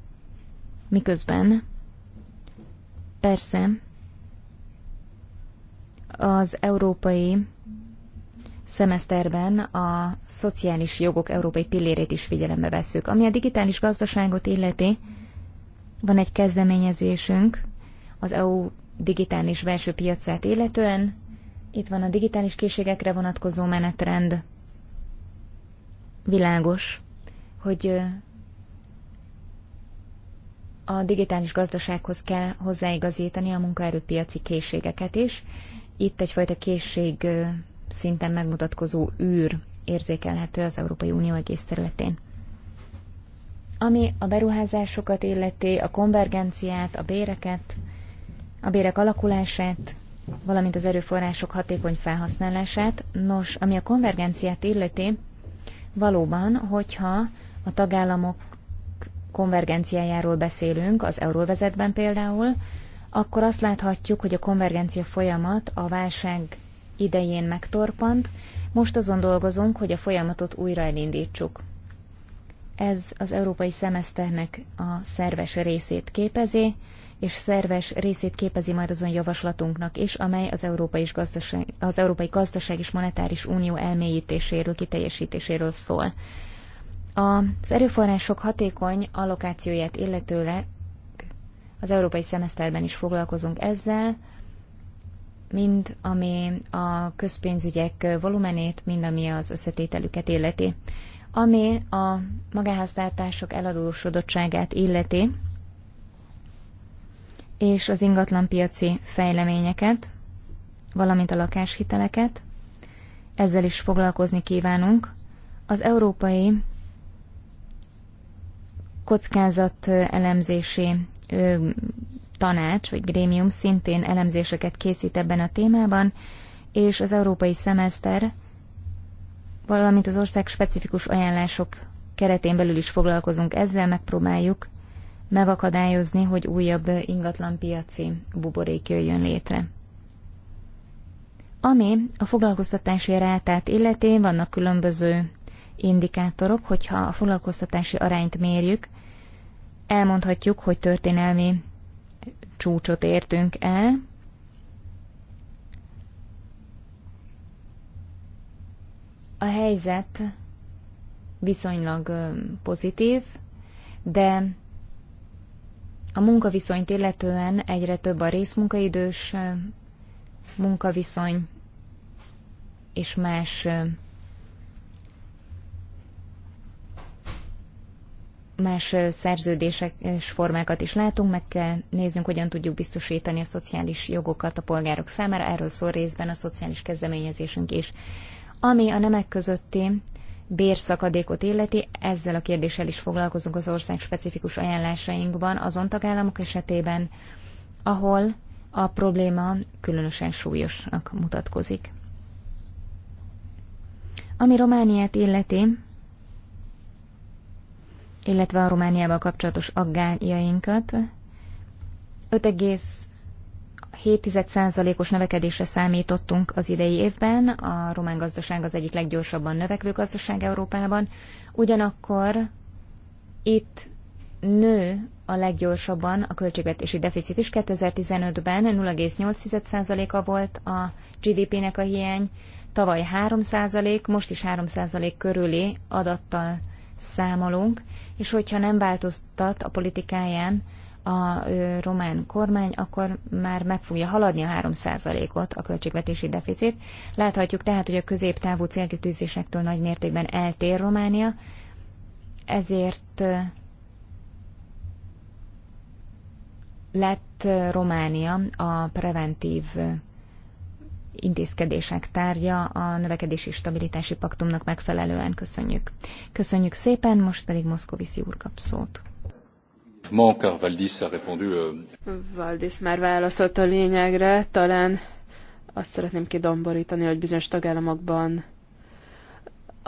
miközben persze az európai szemeszterben a szociális jogok európai pillérét is figyelembe veszük. Ami a digitális gazdaságot illeti, van egy kezdeményezésünk az EU digitális belső piacát illetően. Itt van a digitális készségekre vonatkozó menetrend, Világos, hogy a digitális gazdasághoz kell hozzáigazítani a munkaerőpiaci készségeket is. Itt egyfajta készség szinten megmutatkozó űr érzékelhető az Európai Unió egész területén. Ami a beruházásokat illeti, a konvergenciát, a béreket, a bérek alakulását, valamint az erőforrások hatékony felhasználását. Nos, ami a konvergenciát illeti, Valóban, hogyha a tagállamok konvergenciájáról beszélünk, az euróvezetben például, akkor azt láthatjuk, hogy a konvergencia folyamat a válság idején megtorpant, most azon dolgozunk, hogy a folyamatot újra elindítsuk. Ez az európai szemeszternek a szerves részét képezi, és szerves részét képezi majd azon javaslatunknak is, amely az Európai, és gazdaság, az Európai Gazdaság és Monetáris Unió elmélyítéséről, kiteljesítéséről szól. Az erőforrások hatékony allokációját illetőleg az európai szemeszterben is foglalkozunk ezzel, mind ami a közpénzügyek volumenét, mind ami az összetételüket illeti. Ami a magáháztartások eladósodottságát illeti, és az ingatlanpiaci fejleményeket, valamint a lakáshiteleket. Ezzel is foglalkozni kívánunk. Az európai kockázat elemzési tanács vagy grémium szintén elemzéseket készít ebben a témában, és az európai szemeszter, valamint az ország specifikus ajánlások keretén belül is foglalkozunk ezzel, megpróbáljuk megakadályozni, hogy újabb ingatlanpiaci buborék jöjjön létre. Ami a foglalkoztatási rátát illeti, vannak különböző indikátorok, hogyha a foglalkoztatási arányt mérjük, elmondhatjuk, hogy történelmi csúcsot értünk el, a helyzet viszonylag pozitív, de a munkaviszonyt illetően egyre több a részmunkaidős munkaviszony és más más szerződések és formákat is látunk, meg kell néznünk, hogyan tudjuk biztosítani a szociális jogokat a polgárok számára, erről szól részben a szociális kezdeményezésünk is. Ami a nemek közötti bérszakadékot illeti, ezzel a kérdéssel is foglalkozunk az ország specifikus ajánlásainkban azon tagállamok esetében, ahol a probléma különösen súlyosnak mutatkozik. Ami Romániát illeti, illetve a Romániával kapcsolatos aggányainkat, 7%-os növekedésre számítottunk az idei évben, a román gazdaság az egyik leggyorsabban növekvő gazdaság Európában, ugyanakkor itt nő a leggyorsabban a költségvetési deficit is. 2015-ben 0,8%-a volt a GDP-nek a hiány, tavaly 3%, most is 3% körüli adattal számolunk, és hogyha nem változtat a politikáján a román kormány, akkor már meg fogja haladni a 3%-ot a költségvetési deficit. Láthatjuk tehát, hogy a középtávú célkitűzésektől nagy mértékben eltér Románia, ezért lett Románia a preventív intézkedések tárgya a növekedési stabilitási paktumnak megfelelően. Köszönjük. Köszönjük szépen, most pedig Moszkoviszi úr szót. Valdis a répondu. Euh, Valdis már válaszolt a lényegre, talán azt szeretném kidomborítani, hogy bizonyos tagállamokban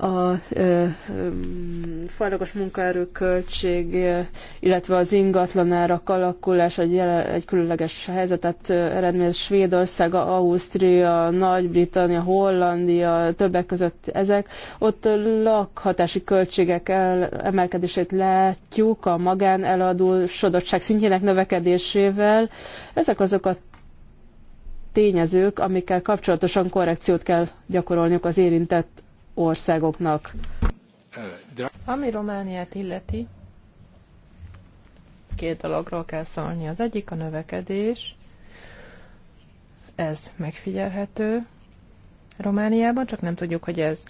a ö, ö, fajlagos munkaerő illetve az ingatlanárak alakulása egy, egy különleges helyzetet eredményez Svédország, Ausztria, Nagy-Britannia, Hollandia, többek között ezek. Ott lakhatási költségek el, emelkedését látjuk a magáneladósodottság szintjének növekedésével. Ezek azok a tényezők, amikkel kapcsolatosan korrekciót kell gyakorolniuk az érintett országoknak. Ami Romániát illeti, két dologról kell szólni. Az egyik a növekedés, ez megfigyelhető Romániában, csak nem tudjuk, hogy ez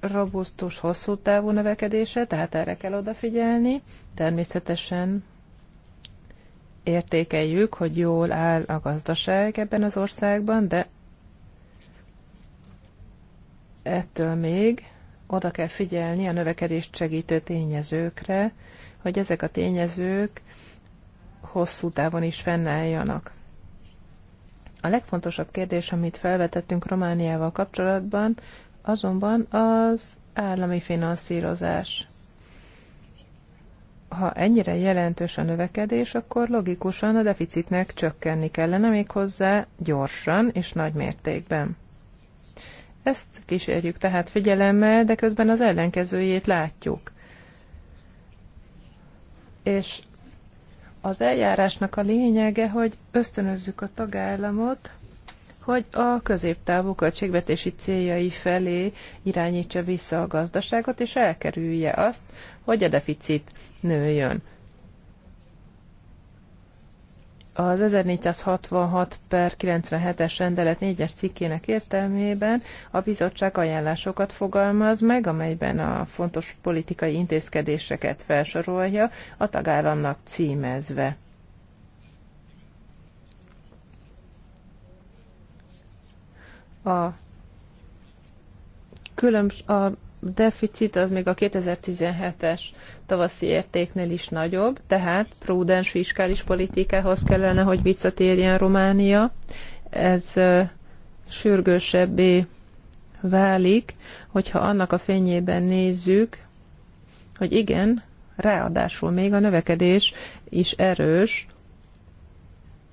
robusztus, hosszú távú növekedése, tehát erre kell odafigyelni. Természetesen értékeljük, hogy jól áll a gazdaság ebben az országban, de ettől még oda kell figyelni a növekedést segítő tényezőkre, hogy ezek a tényezők hosszú távon is fennálljanak. A legfontosabb kérdés, amit felvetettünk Romániával kapcsolatban, azonban az állami finanszírozás. Ha ennyire jelentős a növekedés, akkor logikusan a deficitnek csökkenni kellene méghozzá gyorsan és nagy mértékben. Ezt kísérjük tehát figyelemmel, de közben az ellenkezőjét látjuk. És az eljárásnak a lényege, hogy ösztönözzük a tagállamot, hogy a középtávú költségvetési céljai felé irányítsa vissza a gazdaságot, és elkerülje azt, hogy a deficit nőjön az 1466 per 97-es rendelet 4-es cikkének értelmében a bizottság ajánlásokat fogalmaz meg, amelyben a fontos politikai intézkedéseket felsorolja a tagállamnak címezve. A különbs, a deficit az még a 2017-es tavaszi értéknél is nagyobb, tehát prudens fiskális politikához kellene, hogy visszatérjen Románia. Ez sürgősebbé válik, hogyha annak a fényében nézzük, hogy igen, ráadásul még a növekedés is erős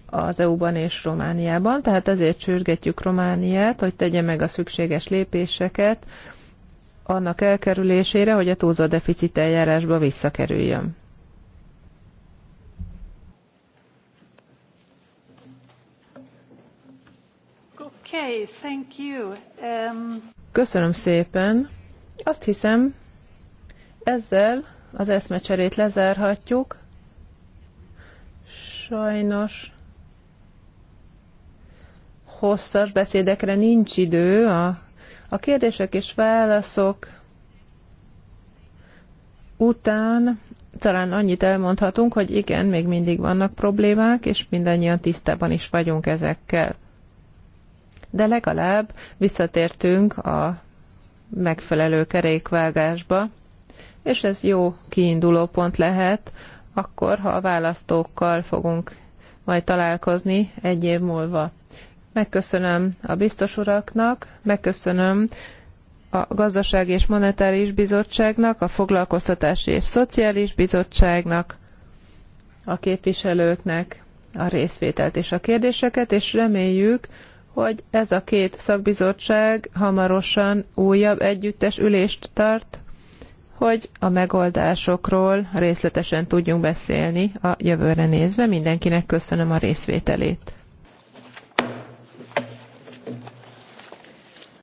az EU-ban és Romániában, tehát ezért sürgetjük Romániát, hogy tegye meg a szükséges lépéseket, annak elkerülésére, hogy a túlzó deficit eljárásba visszakerüljön. Okay, thank you. Um... Köszönöm szépen. Azt hiszem, ezzel az eszmecserét lezárhatjuk. Sajnos hosszas beszédekre nincs idő a a kérdések és válaszok után talán annyit elmondhatunk, hogy igen, még mindig vannak problémák, és mindannyian tisztában is vagyunk ezekkel. De legalább visszatértünk a megfelelő kerékvágásba, és ez jó kiinduló pont lehet, akkor, ha a választókkal fogunk majd találkozni egy év múlva. Megköszönöm a biztos uraknak, megköszönöm a Gazdasági és Monetáris Bizottságnak, a Foglalkoztatási és Szociális Bizottságnak, a képviselőknek a részvételt és a kérdéseket, és reméljük, hogy ez a két szakbizottság hamarosan újabb együttes ülést tart, hogy a megoldásokról részletesen tudjunk beszélni a jövőre nézve. Mindenkinek köszönöm a részvételét.